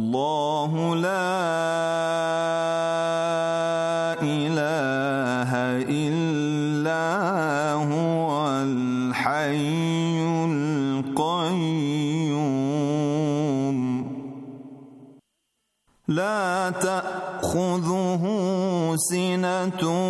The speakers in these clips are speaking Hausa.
الله لا إله إلا هو الحي القيوم لا تأخذه سنة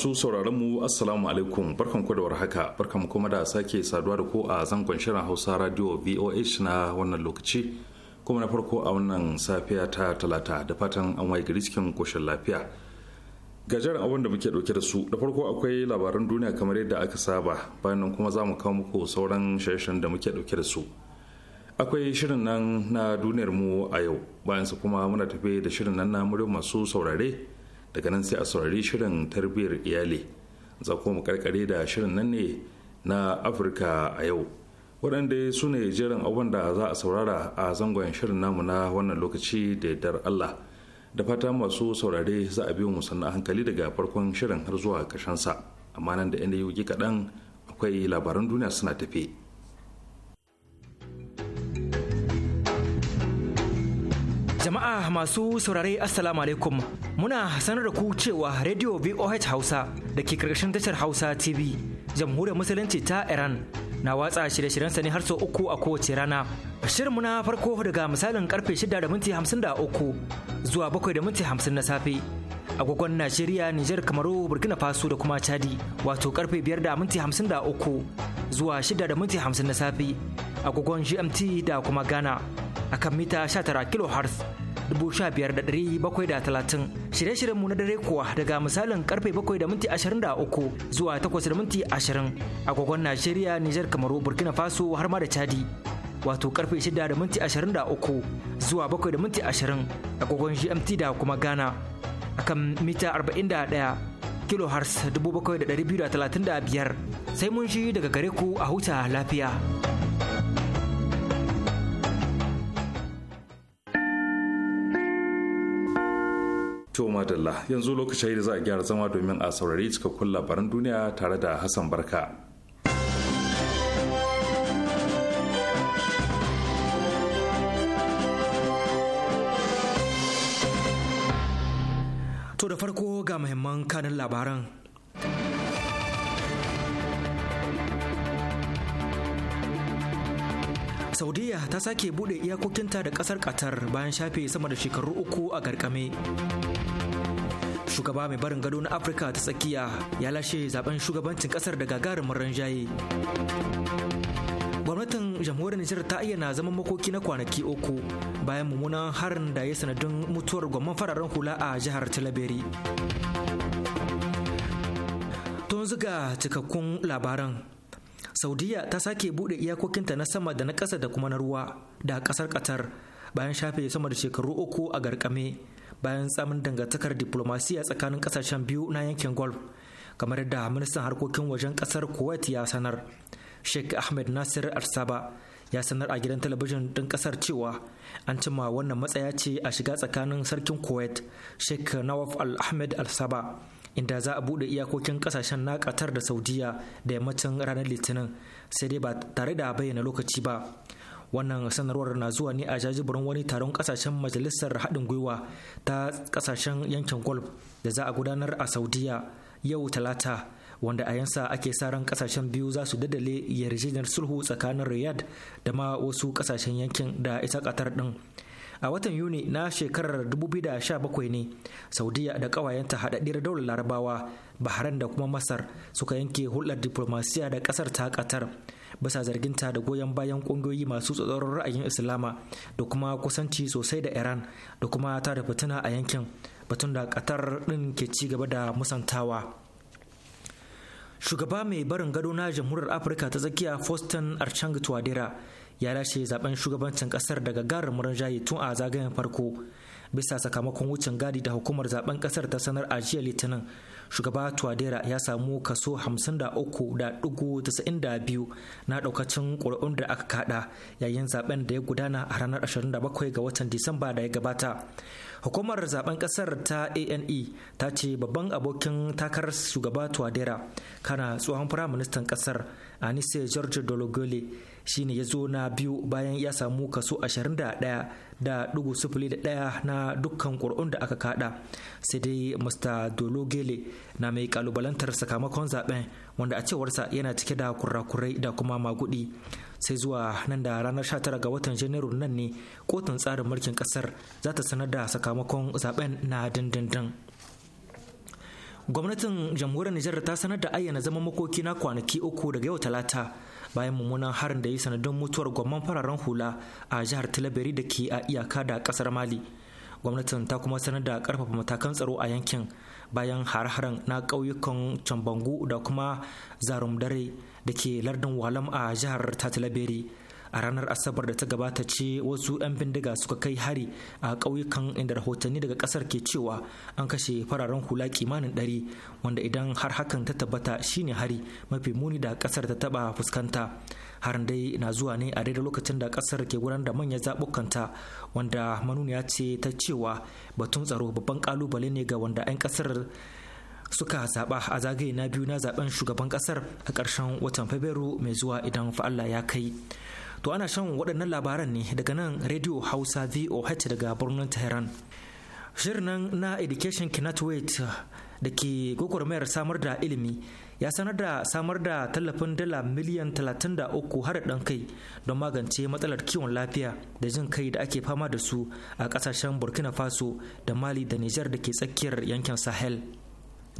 masu sauraron mu assalamu alaikum barkan ku da warhaka barkan kuma da sake saduwa da ku a zangon shirin Hausa Radio VOH na wannan lokaci kuma na farko a wannan safiya ta talata da fatan an waye gari cikin koshin lafiya gajeren abin da muke dauke da su da farko akwai labaran duniya kamar yadda aka saba bayan nan kuma za mu kawo muku sauran shirye da muke dauke da su akwai shirin nan na duniyar mu a yau bayan su kuma muna tafe da shirin nan na muryar masu saurare daga nan sai a saurari shirin tarbiyyar iyali za mu karkare da shirin nan ne na afirka a yau waɗanda su ne jerin abubuwan da za a saurara a zangon shirin namu na wannan lokaci da dar allah da fata masu saurare za a biyo musamman hankali daga farkon shirin har zuwa sa amma nan da yanayi kaɗan akwai labaran duniya suna tafe. Jama'a masu saurare Assalamu alaikum muna sanar da ku cewa Radio VOH Hausa da ke karkashin tashar Hausa TV jamhuriyar musulunci ta Iran na watsa shirye-shiryensa ne har sau uku a kowace rana. Shirin na farko daga misalin karfe 6 da minti 53 zuwa 7 da minti 50 na safe. agogon Najeriya, Nijar, Kamaru, Burkina Faso da kuma Chadi, wato karfe 5 da minti 53 zuwa 6 da minti 50 na safe, agogon GMT da kuma Ghana, akan mita 19 kHz. 15730 shirye mu na dare kuwa daga misalin karfe 7 da minti zuwa 8 da minti 20 agogon Najeriya, Nijar, Kamaru, Burkina Faso har ma da Chadi. Wato karfe 6 da minti zuwa 7 da minti agogon GMT da kuma Ghana. kan mita 41 kilohertz 7,235 sai mun shi daga gare ku a huta lafiya. To madalla yanzu lokacin da za a gyara zama domin a saurari cikakkun labaran duniya tare da Hassan Barka. To da farko ga muhimman kanin labaran. Saudiya ta sake buɗe iyakokinta da kasar Qatar bayan shafe sama da shekaru uku a garkame. Shugaba mai barin gado na Afirka ta tsakiya ya lashe zaben shugabancin kasar da gagarumin ranjaye. gwamnatin jamhuriyar nijar ta ayyana zaman makoki na kwanaki uku bayan mummunan harin da ya sanadin mutuwar gwamnan fararen hula a jihar talabiri tun zuga cikakkun labaran saudiya ta sake bude iyakokinta na sama da na ƙasa da kuma na ruwa da ƙasar qatar bayan shafe sama da shekaru uku a garkame bayan tsamin dangantakar diplomasiya tsakanin ƙasashen biyu na yankin golf kamar da ministan harkokin wajen kasar kuwait ya sanar sheikh ahmed nasir arsaba ya sanar a gidan talabijin ɗin ƙasar cewa an cimma wannan matsaya ce a shiga tsakanin sarkin kuwait sheikh nawaf al-ahmed al-saba inda za a buɗe iyakokin ƙasashen na Qatar da saudiya da yammacin ranar litinin sai dai ba tare da bayyana lokaci ba wannan sanarwar na zuwa ne a jajiburin wani taron ƙasashen majalisar haɗin gwiwa ta ƙasashen yankin golf da za a gudanar a saudiya yau talata wanda a yansa ake sa ran kasashen biyu za su dadale yarjejeniyar sulhu tsakanin riyad da ma wasu kasashen yankin da ita katar din a watan yuni na shekarar 2017 ne saudiya da kawayenta hadaddiyar daular larabawa bahrain da kuma masar suka yanke hulɗar diplomasiya da ƙasar ta katar bisa zarginta da goyon bayan ƙungiyoyi masu tsatsoron ra'ayin islama da kuma kusanci sosai da iran da kuma ta da fitina a yankin batun da katar ɗin ke ci gaba da musantawa shugaba mai barin gado na jamhuriyar afirka ta tsakiya faustin archang tuadera ya lashe zaben shugabancin kasar daga garin murin tun a zagayen farko bisa sakamakon wucin gadi da hukumar zaben kasar ta sanar a jiya litinin shugaba tuadera ya samu kaso 53.92 na daukacin ƙuri'un da aka kada yayin zaben da ya gudana a ranar 27 ga watan disamba da ya gabata hukumar zaben kasar ta ane ta ce babban abokin takarar shugaba tuadera kana tsohon firaministan kasar anise george dologole shine ya zo na biyu bayan ya samu kaso 21 da dugu sufuli da ɗaya na dukkan ƙuri'un da aka kada sai dai mr dologele na mai kalubalantar sakamakon zaben wanda a cewarsa yana cike da kurakurai da kuma magudi sai zuwa nan da ranar 19 ga watan janairu nan ne kotun tsarin mulkin kasar za ta sanar da sakamakon zaben na dindindin gwamnatin jamhuriyar nijar ta sanar da ayyana zaman makoki na kwanaki uku daga yau talata bayan mummunan harin da ya sanadin mutuwar gwamman fararen hula a jihar talabari da ke a iyaka da kasar mali gwamnatin ta kuma sanar da karfafa matakan tsaro a yankin bayan har-haren na ƙauyukan cambangu da kuma zarum dare da ke lardin walam a jihar tatalaberi a ranar asabar da ta gabata ce wasu 'yan bindiga suka kai hari a ƙauyukan inda rahotanni daga ƙasar ke cewa an kashe fararen hula kimanin ɗari wanda idan har hakan ta tabbata shine hari mafi muni da ƙasar ta taɓa fuskanta harin dai na zuwa ne a daidai lokacin da kasar ke gudanar da manyan zabukanta wanda manuniya ce ta cewa batun tsaro babban kalubale ne ga wanda 'yan kasar suka zaba a zagaye na biyu na zaben shugaban kasar a ƙarshen watan fabrairu mai zuwa idan fa'alla ya kai to ana shan waɗannan labaran ne daga nan radio hausa voh daga birnin tehran shirin na education cannot wait da ke gwagwarmayar samar da ilimi ya sanar da samar da tallafin dala miliyan 33 har ɗan kai don magance matsalar kiwon lafiya da jin kai da ake fama da su a ƙasashen burkina faso da mali da nijar da ke tsakiyar yankin sahel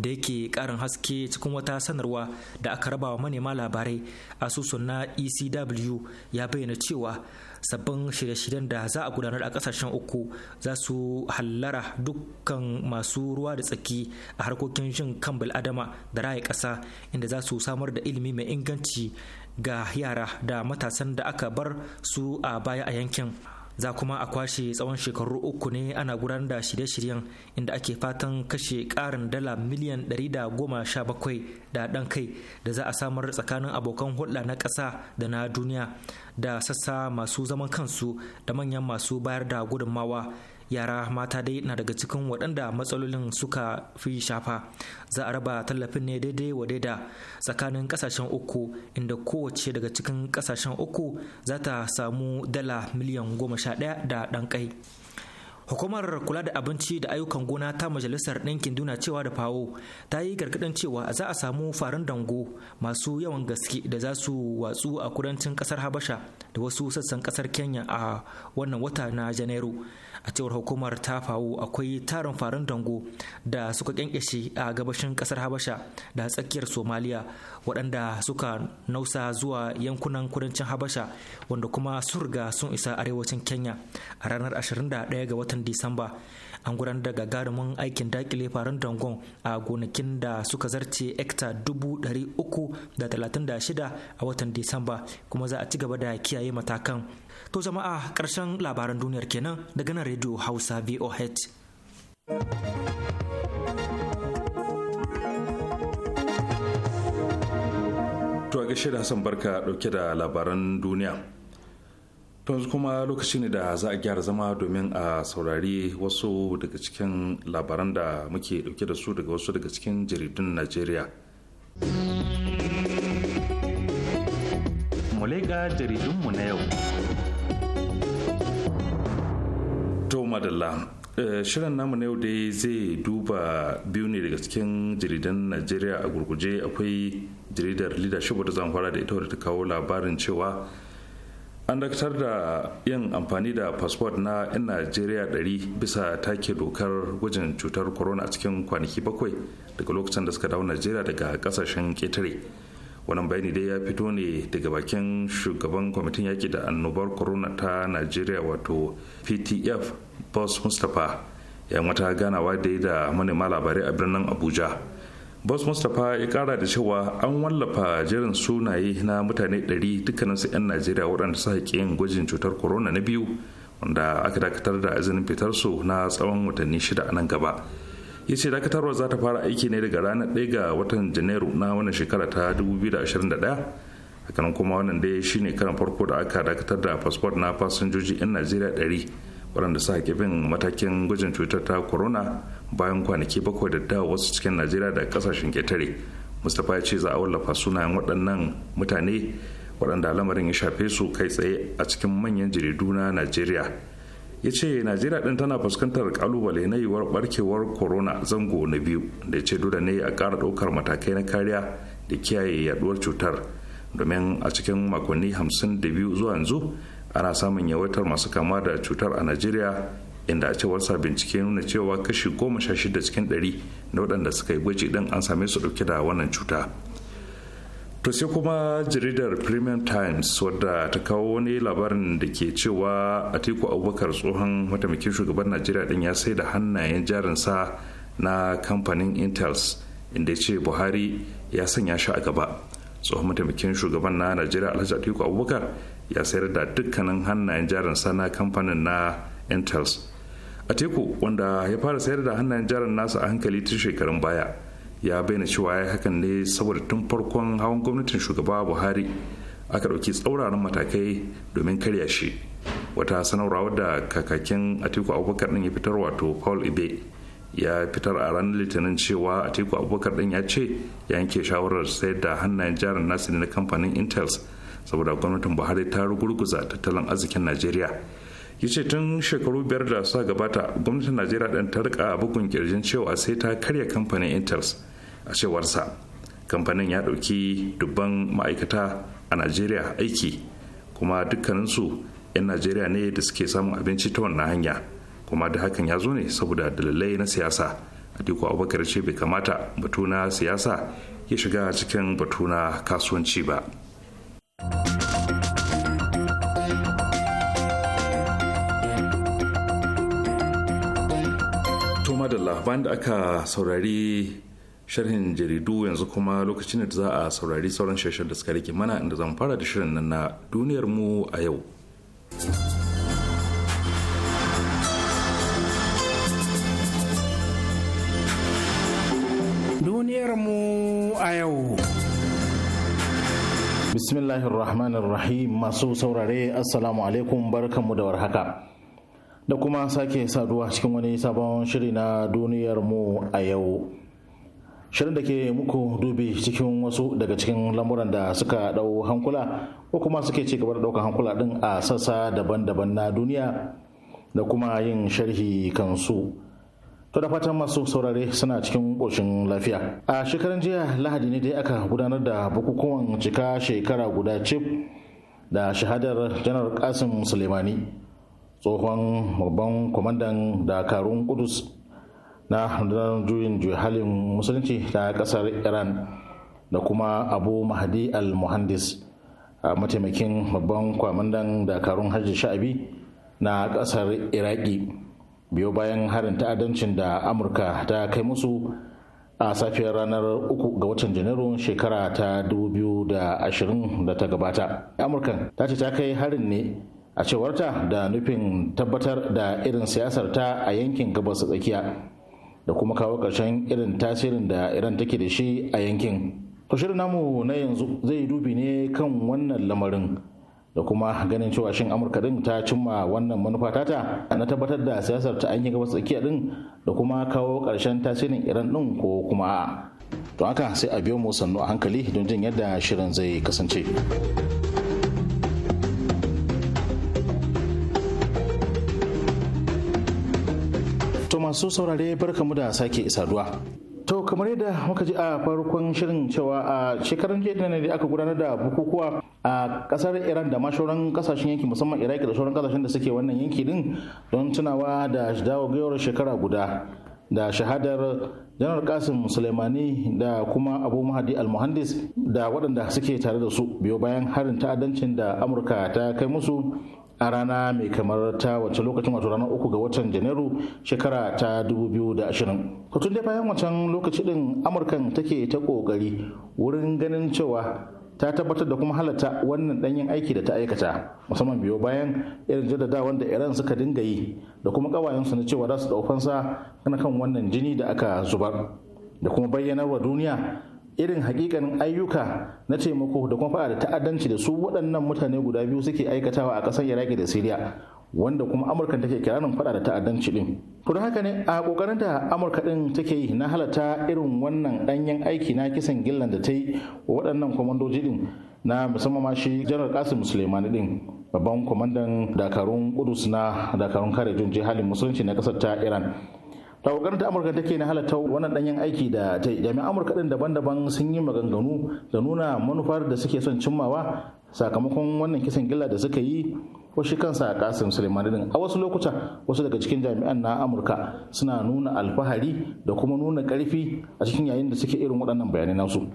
da yake karin haske cikin wata sanarwa da aka rabawa manema labarai asusun na ecw ya bayyana cewa sabbin shirye-shiryen da za a gudanar a kasashen uku za su hallara dukkan masu ruwa da tsaki a harkokin jin kan adama da raya ƙasa inda za su samar da ilimi mai inganci ga yara da matasan da aka bar su a baya a yankin za kuma a kwashe tsawon shekaru uku ne ana gudanar da shirye-shiryen inda ake fatan kashe karin dala miliyan 117 da ɗan kai da za a samar tsakanin abokan hulɗa na ƙasa da na duniya da sassa masu zaman kansu da manyan masu bayar da gudunmawa yara mata dai na daga cikin waɗanda matsalolin suka fi shafa za a raba tallafin ne daidai wa daida tsakanin ƙasashen uku inda kowace daga cikin ƙasashen uku za ta samu dala miliyan goma sha ɗaya da ɗan kai hukumar kula da abinci da ayyukan gona ta majalisar ɗinkin duna cewa da fawo ta yi gargaɗin cewa za a samu farin dango masu yawan gaske da za su watsu a kudancin ƙasar habasha da wasu sassan ƙasar kenya a wannan wata na janairu a cewar hukumar ta fawo akwai tarin farin dango da suka kyankyashe a gabashin kasar habasha da tsakiyar somaliya waɗanda suka nausa zuwa yankunan kudancin habasha wanda kuma surga riga sun isa arewacin kenya a ranar 21 ga watan disamba an gudanar da gagarumin aikin dakile farin dangon a gonakin da suka zarce ekta shida a watan disamba kuma za a ci gaba da kiyaye matakan to jama'a karshen labaran duniyar kenan daga nan radio hausa voh To a gaishe da Hassan Barka dauke da labaran duniya. To yanzu kuma lokaci ne da za a gyara zama domin a saurari wasu daga cikin labaran da muke dauke da su daga wasu daga cikin jaridun Najeriya. Mulega jaridunmu na yau. To madalla. Eh, shirin namu na yau dai zai duba biyu ne daga cikin jaridan najeriya a gurguje akwai jaridar leadership da zamfara da ita wadda ta kawo labarin cewa an dakatar da yin amfani da fasfot na 'yan najeriya 100 bisa take dokar gwajin cutar corona a cikin kwanaki bakwai daga lokacin da suka dawo najeriya daga kasashen ketare wannan bayani dai ya fito ne daga bakin shugaban kwamitin yaki da annobar corona ta najeriya wato ptf boss mustapha yan wata ganawa da da manema labarai a birnin abuja bas mustapha ya kara da cewa an wallafa jerin sunaye na mutane 100 dukkaninsu 'yan najeriya waɗanda suka ƙi yin gwajin cutar corona na biyu wanda aka dakatar da izinin fitarsu na tsawon watanni shida nan gaba ya ce dakatarwa za ta fara aiki ne daga ranar 1 ga watan janairu na wannan shekara ta 2021 hakanan kuma wannan dai shine karan farko da aka dakatar da fasfot na fasinjoji 'yan najeriya 100 waɗanda suka bin matakin gwajin cutar ta corona bayan kwanaki bakwai da dawo wasu cikin najeriya da ƙasashen ketare mustapha ya ce za a wallafa sunayen waɗannan mutane waɗanda lamarin ya shafe su kai tsaye a cikin manyan jaridu na najeriya ya ce najeriya ɗin tana fuskantar kalubale na yiwuwar barkewar corona zango na biyu da ya ce dole ne a ƙara ɗaukar matakai na kariya da kiyaye yaduwar cutar domin a cikin makonni hamsin da biyu zuwa yanzu ana samun yawaitar masu kama da cutar a najeriya inda a cewar sa bincike nuna cewa kashi goma sha shida cikin ɗari na waɗanda suka yi gwaji ɗin an same su ɗauke da wannan cuta to sai kuma jaridar premium times wadda ta kawo wani labarin da ke cewa atiku abubakar tsohon mataimakin shugaban najeriya din ya sai da hannayen jarinsa na kamfanin intels inda ya ce buhari ya sanya shi a gaba tsohon mataimakin shugaban na najeriya alhaji atiku abubakar ya sayar da dukkanin hannayen jarin sana kamfanin na intels a teku wanda ya fara sayar da hannayen jarin nasa a hankali tun shekarun baya ya bayyana cewa ya hakan ne saboda tun farkon hawan gwamnatin shugaba buhari aka ɗauki tsauraran matakai domin karya shi wata sanarwa wadda kakakin atiku abubakar ɗin ya fitar wato paul ibe ya fitar a ranar litinin cewa atiku abubakar ɗin ya ce ya yanke shawarar sayar da hannayen jarin nasa na kamfanin intels saboda gwamnatin buhari ta rugurguza tattalin arzikin najeriya ya ce tun shekaru biyar da suka gabata gwamnatin najeriya ɗin ta rika bugun kirjin cewa sai ta karya kamfanin inters a cewarsa kamfanin ya ɗauki dubban ma'aikata a najeriya aiki kuma dukkaninsu 'yan najeriya ne da suke samun abinci ta wannan hanya kuma da hakan ya zo ne saboda dalilai na siyasa adiko Abubakar ce bai kamata batuna siyasa ya shiga cikin batuna kasuwanci ba. Tuma da labaran da aka saurari sharhin jaridu yanzu kuma lokacin da za a saurari sauran shirin da suka rike mana inda zan fara da shirin nan na duniyar a yau. Duniyar mu a yau. Bismillahirrahmanirrahim masu saurare assalamu alaikum barkanmu da warhaka. Da kuma sake saduwa cikin wani sabon shiri na duniyarmu a yau. Shirin da ke muku dubi cikin wasu daga cikin lamuran da suka dau hankula ko kuma suke ci gaba da ɗaukar hankula din a sassa daban-daban na duniya da kuma yin sharhi kansu. To da fatan masu saurare suna cikin ƙoshin lafiya. A shekaran jiya Lahadi ne dai aka gudanar da bukukuwan cika shekara guda cif da shahadar janar Kasim Suleimani tsohon babban kwamandan dakarun Kudus na hundunar juyin halin musulunci ta ƙasar Iran da kuma Abu Mahdi al-Muhandis a mataimakin babban kwamandan dakarun hajji sha'abi na ƙasar Iraki. biyo bayan harin ta'addancin da amurka ta kai musu a safiyar ranar 3 ga watan janairu shekara ta 2020 da ta gabata amurkan ta ce ta kai harin ne a cewarta da nufin tabbatar da irin siyasar ta a yankin gabas tsakiya da kuma kawo ƙarshen irin tasirin da iran take da shi a yankin shirin namu na yanzu zai dubi ne kan wannan lamarin da kuma ganin cewa shin amurka din ta cimma wannan manufa tata na tabbatar da siyasar ta an yi gaba tsakiya din da kuma kawo karshen tasirin iran din ko kuma to haka sai a biyo mu sannu a hankali don jin yadda shirin zai kasance to masu saurare barkamu da sake saduwa To kamar yadda muka ji a farkon shirin cewa a shekarun jiya ne aka gudanar da bukukuwa a kasar Iran da maShauran kasashen yanki musamman Iraki da sauran kasashen da suke wannan yanki din don tunawa da dawowar shekara guda da shahadar janar kasim Suleimani da kuma Abu Mahdi al-Muhandis da waɗanda suke tare da su biyo bayan harin ta'addancin da Amurka ta kai musu a rana mai kamar ta wacce lokacin wato ranar uku ga watan janairu shekara ta da 2020 tun dai bayan wancan lokaci din amurkan take ta kokari wurin ganin cewa ta tabbatar da kuma halatta wannan danyen aiki da ta aikata musamman biyo bayan irin jaddadawan da iran suka dinga yi da kuma kawayensu na cewa za su daukansa na kan wannan jini da aka zubar da kuma bayyanar wa duniya irin hakikanin ayyuka na taimako da kuma da ta'addanci da su waɗannan mutane guda biyu suke aikatawa a ƙasar iraki da siriya wanda kuma amurka take kiranin fada da ta'addanci din to da haka ne a kokarin da amurka din take yi na halatta irin wannan danyen aiki na kisan gillan da ta yi wa waɗannan kwamandoji din na musamman ma shi janar kasim suleimani din babban kwamandan dakarun kudus na dakarun kare jihalin musulunci na kasar ta iran tawagar ta amurka take na halatta wannan danyen aiki da ta jami'an amurka din daban-daban sun yi maganganu da nuna manufar da suke son cimmawa sakamakon wannan kisan gilla da suka yi ko shi kansa kasim suleimani din a wasu lokuta wasu daga cikin jami'an na amurka suna nuna alfahari da kuma nuna karfi a cikin yayin da suke irin waɗannan bayanai nasu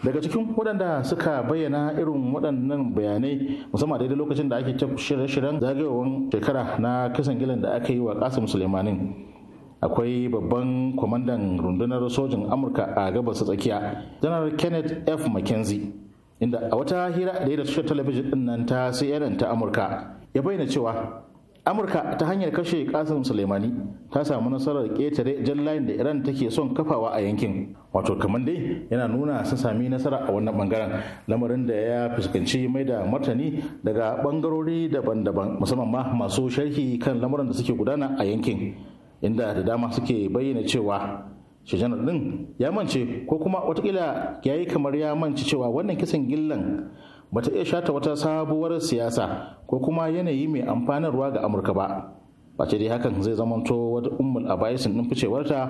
daga cikin waɗanda suka bayyana irin waɗannan bayanai musamman daidai lokacin da ake shirye-shiryen zagayowar shekara na kisan gilan da aka yi wa kasim suleimanin akwai babban kwamandan rundunar sojin amurka a gabas tsakiya janar kenneth f mckenzie inda a wata hira da da tashar talabijin din nan ta cnn ta amurka ya bayyana cewa amurka ta hanyar kashe kasim suleimani ta samu nasarar ƙetare jan layin da iran take son kafawa a yankin wato kamar dai yana nuna sun sami nasara a wannan bangaren lamarin da ya fuskanci mai da martani daga bangarori daban-daban musamman ma masu sharhi kan lamarin da suke gudana a yankin inda da dama suke bayyana cewa shajanar din ya mance ko kuma watakila ya yi kamar ya mance cewa wannan kisan gillan ba ta iya shata wata sabuwar siyasa ko kuma yanayi mai amfanarwa ga amurka ba ce dai hakan zai zamanto wata ummul abaisin din ficewarta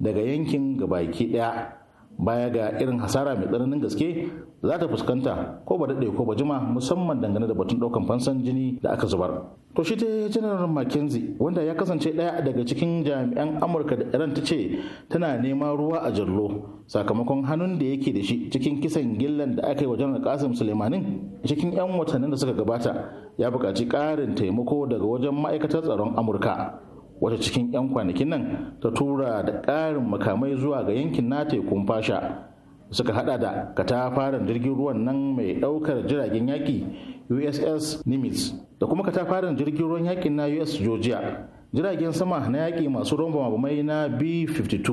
daga yankin gabaki ɗaya. baya ga irin hasara mai tsananin gaske za ta fuskanta ko ba daɗe ko ba jima musamman dangane da batun ɗaukan fansan jini da aka zubar. To shi dai janar wanda ya kasance ɗaya daga cikin jami'an Amurka da Iran ta ce tana neman ruwa a jallo sakamakon hannun da yake da shi cikin kisan gillan da aka yi wa janar Kasim Suleimanin cikin 'yan watannin da suka gabata ya buƙaci ƙarin taimako daga wajen ma'aikatar tsaron Amurka. wata cikin 'yan kwanakin nan ta tura da ƙarin makamai zuwa ga yankin na tekun fasha suka hada da katafaren jirgin ruwan nan mai daukar jiragen yaki uss nimitz da kuma katafaren jirgin ruwan yakin na us georgia jiragen sama na yaki masu romba mabamai na b-52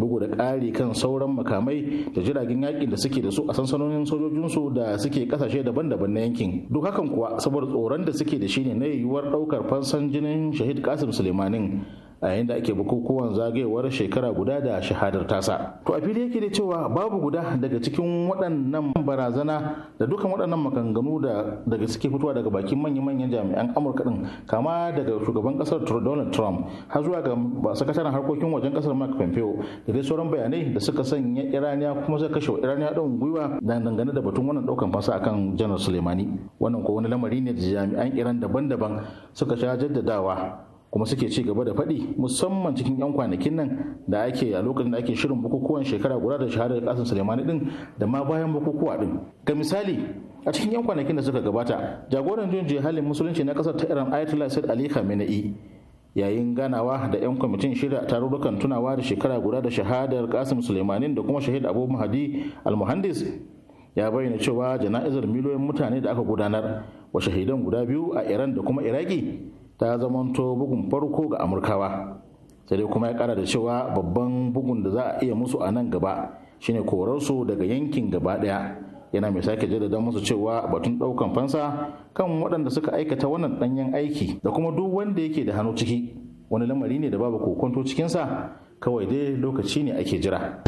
bugu da ƙari kan sauran makamai da jiragen yaƙin da suke da su a sansanonin sojojinsu da suke ƙasashe daban-daban na yankin duk hakan kuwa saboda tsoron da suke da shi ne na yiwuwar ɗaukar fansan jinin shahid kasim suleimanin a yayin da ake bukukuwan zagayowar shekara guda da shahadar tasa to a fili yake da cewa babu guda daga cikin waɗannan barazana da dukan waɗannan maganganu da daga suke fitowa daga bakin manya-manyan jami'an amurka din kama daga shugaban kasar donald trump har zuwa ga sakataren harkokin wajen kasar mark pompeo da dai sauran bayanai da suka sanya iraniya kuma suka kashe iraniya ɗin gwiwa dangane da batun wannan ɗaukan fasa akan janar suleimani wannan ko wani lamari ne da jami'an iran daban-daban suka sha jaddadawa kuma suke ci gaba da faɗi musamman cikin 'yan kwanakin nan da ake a lokacin da ake shirin bukukuwan shekara guda da shahadar kasan sulemani din da ma bayan bukukuwa din ga misali a cikin 'yan kwanakin da suka gabata jagoran jin halin musulunci na kasar ta iran ayatollah said ali khamenei yayin ganawa da 'yan kwamitin shirya tarurrukan tunawa da shekara guda da shahadar kasim sulemanin da kuma shahid abu mahadi almuhandis ya bayyana cewa jana'izar miliyoyin mutane da aka gudanar wa shahidan guda biyu a iran da kuma iraki ta zamanto bugun farko ga amurkawa sai dai kuma ya kara da cewa babban bugun da za a iya musu a nan gaba shine korarsu daga yankin gaba daya yana mai sake jaddada musu cewa batun daukan fansa kan waɗanda suka aikata wannan ɗanyen aiki da kuma duk wanda yake da hannu ciki wani lamari ne da babu kokonto cikinsa kawai dai lokaci ne ake jira.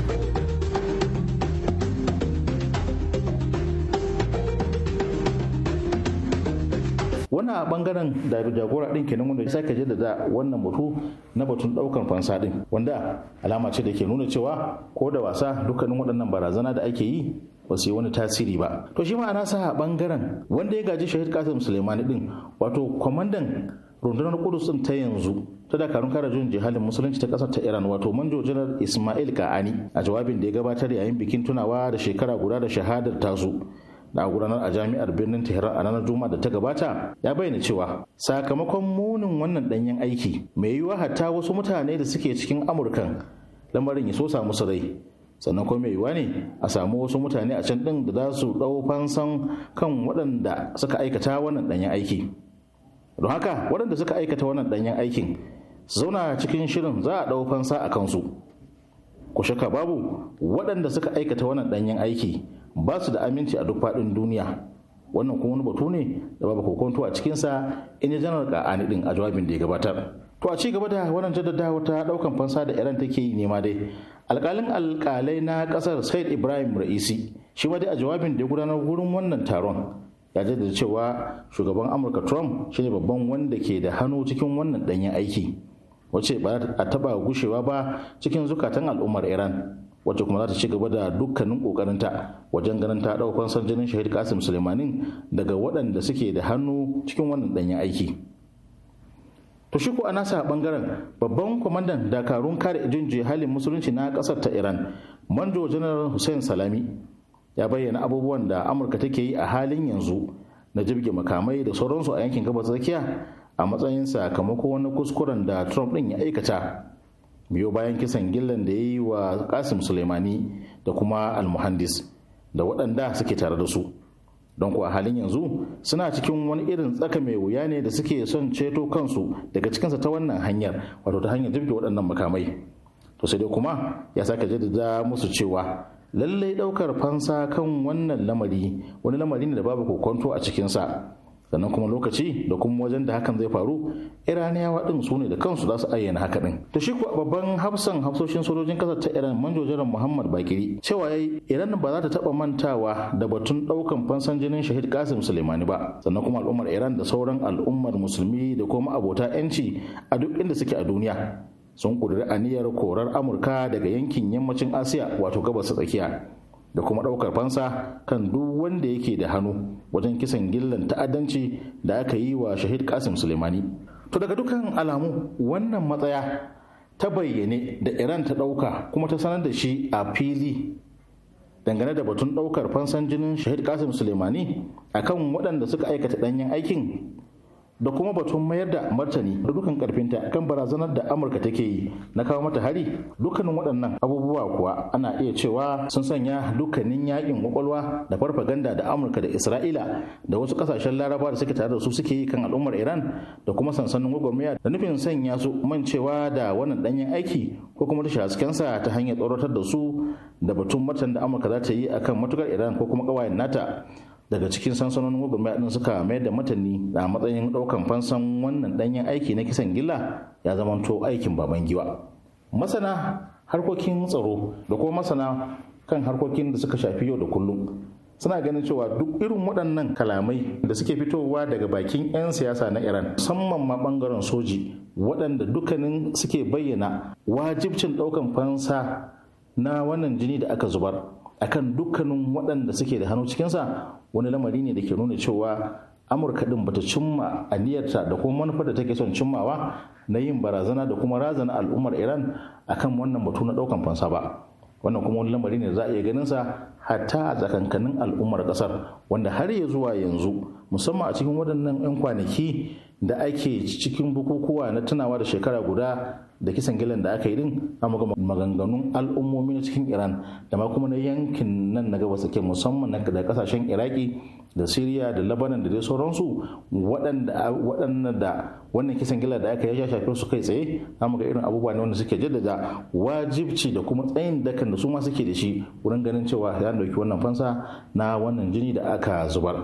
wannan a bangaren da jagora din kenan wanda ya je da wannan batu na batun daukan fansa din wanda alama ce da ke nuna cewa ko da wasa dukkanin waɗannan barazana da ake yi ba su yi wani tasiri ba to shi ma ana sa a bangaren wanda ya gaji shahid kasim suleimani din wato kwamandan rundunar kudus din ta yanzu ta dakarun kare jin jihalin musulunci ta kasar ta iran wato manjo janar ismail ka'ani a jawabin da ya gabatar yayin bikin tunawa da shekara guda da shahadar tasu da gudanar a jami'ar birnin tehran a ranar juma'a da ta gabata ya bayyana cewa sakamakon munin wannan danyen aiki mai yiwuwa hatta wasu mutane da suke cikin amurkan lamarin ya so samu su rai sannan kuma mai yiwuwa ne a samu wasu mutane a can din da za su dau fansan kan waɗanda suka aikata wannan danyen aiki don haka waɗanda suka aikata wannan danyen aikin su zauna cikin shirin za a dau fansa a kansu ku shaka babu waɗanda suka aikata wannan danyen aiki ba su da aminci a duk faɗin duniya wannan kuma wani batu ne da babu kokonto a cikinsa in ya janar ka'ani din a jawabin da ya gabatar to a ci da wannan jaddadawa ta daukan fansa da iran take yi nema dai alkalin alkalai na kasar said ibrahim ra'isi shi ma dai a jawabin da ya gudanar wurin wannan taron ya jaddada cewa shugaban amurka trump shine babban wanda ke da hannu cikin wannan ɗanyen aiki wace ba a taba gushewa ba cikin zukatan al'ummar iran wacce kuma za ta ci gaba da dukkanin kokarinta wajen ganin ta daukan sanjinin shahid kasim sulemanin daga waɗanda suke da hannu cikin wannan danyen aiki to shi ko a nasa bangaren babban kwamandan dakarun kare jin halin musulunci na ƙasar ta iran manjo janar hussein salami ya bayyana abubuwan da amurka take yi a halin yanzu na jirgin makamai da sauransu a yankin gabas tsakiya a matsayin sakamako na kuskuren da trump ɗin ya aikata biyo bayan kisan gillan da ya yi wa kasim suleimani da kuma almuhandis da waɗanda suke tare da su don kuwa halin yanzu suna cikin wani irin tsaka mai wuya ne da suke son ceto kansu daga cikinsa ta wannan hanyar wato ta hanyar jirgin waɗannan makamai to sai dai kuma ya sake jaddada musu cewa lallai ɗaukar fansa kan wannan lamari wani lamari ne da babu kokonto a cikinsa sannan kuma lokaci da kuma wajen da hakan zai faru iraniyawa din su ne da kansu za su ayyana haka din to shi kuwa babban hafsan hafsoshin sojojin kasar ta iran manjo muhammad bakiri cewa yayi iran ba za ta taba mantawa da batun daukan fansan jinin shahid kasim sulaimani ba sannan kuma al'ummar iran da sauran al'ummar musulmi da kuma abota yanci a duk inda suke a duniya sun kuduri aniyar korar amurka daga yankin yammacin asiya wato gabas tsakiya da kuma ɗaukar fansa kan duk wanda yake da hannu wajen kisan gillan ta'addanci da aka yi wa shahid kasim suleimani to daga dukan alamu wannan matsaya ta bayyane da iran ta ɗauka kuma ta sanar da shi a fili dangane da batun ɗaukar fansan jinin shahid kasim suleimani akan waɗanda suka aikata ɗanyen aikin da kuma batun mayar da martani da dukkan karfinta kan barazanar da amurka take yi na kawo mata hari dukkanin waɗannan abubuwa kuwa ana iya cewa sun sanya dukkanin yakin kwakwalwa da farfaganda da amurka da isra'ila da wasu kasashen laraba da suke tare da su suke yi kan al'ummar iran da kuma sansanin gwagwarmaya da nufin sanya su mancewa da wannan ɗanyen aiki ko kuma tashi haskensa ta hanyar tsoratar da su da batun martan da amurka za ta yi akan matukar iran ko kuma ƙawayen nata daga cikin sansanonin gwagwarmaya din suka mayar da matanni a matsayin ɗaukan fansan wannan ɗanyen aiki na kisan gilla ya zamanto aikin baban giwa masana harkokin tsaro da kuma masana kan harkokin da suka shafi yau da kullum suna ganin cewa duk irin waɗannan kalamai da suke fitowa daga bakin 'yan siyasa na iran musamman ma ɓangaren soji waɗanda dukkanin suke bayyana wajibcin ɗaukan fansa na wannan jini da aka zubar akan dukkanin waɗanda suke da hannu cikinsa wani lamari ne da ke nuna cewa amurka ɗin bata cimma aniyarta da kuma manufar da take son cimmawa na yin barazana da kuma razana al'ummar iran akan wannan batu na ɗaukan fansa ba wannan kuma wani lamari ne za a iya ganin sa hatta a tsakankanin al'ummar kasar wanda har ya zuwa yanzu musamman a cikin waɗannan 'yan kwanaki da ake cikin bukukuwa na tunawa da shekara guda da kisan gilan da aka yi din a maganganun al'ummomi na cikin iran da ma kuma na yankin nan na gabas ke musamman da kasashen iraki da siriya da labanan da dai sauransu waɗanda da wannan kisan gila da aka yi ya shafe su kai tsaye za irin abubuwa ne wanda suke jaddada wajibci da kuma tsayin dakan da su ma suke da shi wurin ganin cewa ya an dauki wannan fansa na wannan jini da aka zubar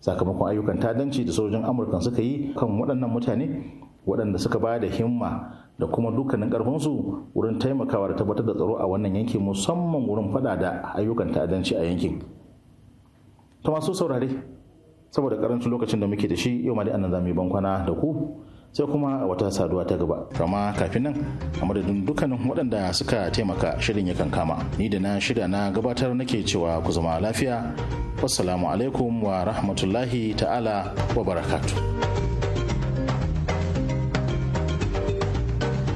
sakamakon ayyukan tadanci da sojojin amurka suka yi kan waɗannan mutane waɗanda suka ba da himma da kuma dukkanin ƙarfinsu wurin taimakawa da tabbatar da tsaro a wannan yankin musamman wurin faɗa da ayyukan ta'addanci a yankin ta masu saurare saboda ƙarancin lokacin da muke da shi yau ma dai annan zamu yi bankwana da ku sai kuma a wata saduwa ta gaba kama kafin nan a madadin dukkanin waɗanda suka taimaka shirin yakan kama ni da na shirya na gabatar nake cewa ku zama lafiya wassalamu alaikum wa rahmatullahi ta'ala wa barakatu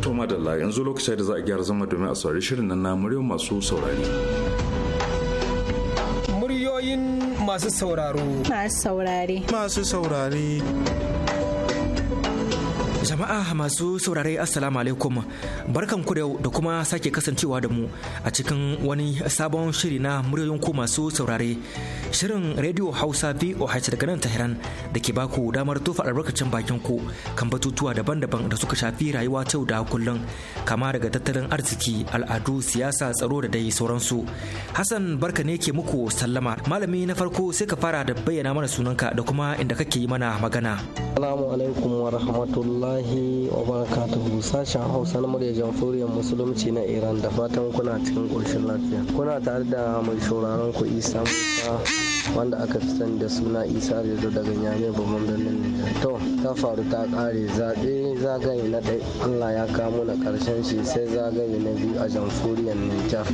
to madalla yanzu lokacin da za a gyara zama domin a saurari shirin nan na muryar masu saurari muryoyin masu sauraro masu saurari. masu saurari. Jama'a masu saurare Assalamu alaikum barkan ku da kuma sake kasancewa da mu a cikin wani sabon shiri na muryoyin ku masu saurare shirin Radio Hausa VOH daga nan Tahiran, da ke baku damar tofa albarkacin bakin ku kan batutuwa daban-daban da suka shafi rayuwa ta da kullum kama daga tattalin arziki al'adu siyasa tsaro da dai sauransu. Hassan barka ne ke muku sallama malami na farko sai ka fara da bayyana mana sunanka da kuma inda kake yi mana magana. Assalamu alaikum wa rahmatullahi wa barakatuhu sashen hausa na murya furiyar musulunci na iran da fatan kuna cikin ƙoshin lafiya kuna tare da mai sauraron ku isa musa wanda aka fi sani da suna isa rezo daga yami babban birnin nijar to ta faru ta kare zaɓe zagaye na ɗai allah ya kamo na ƙarshen shi sai zagaye na biyu a jamfuriyar nijar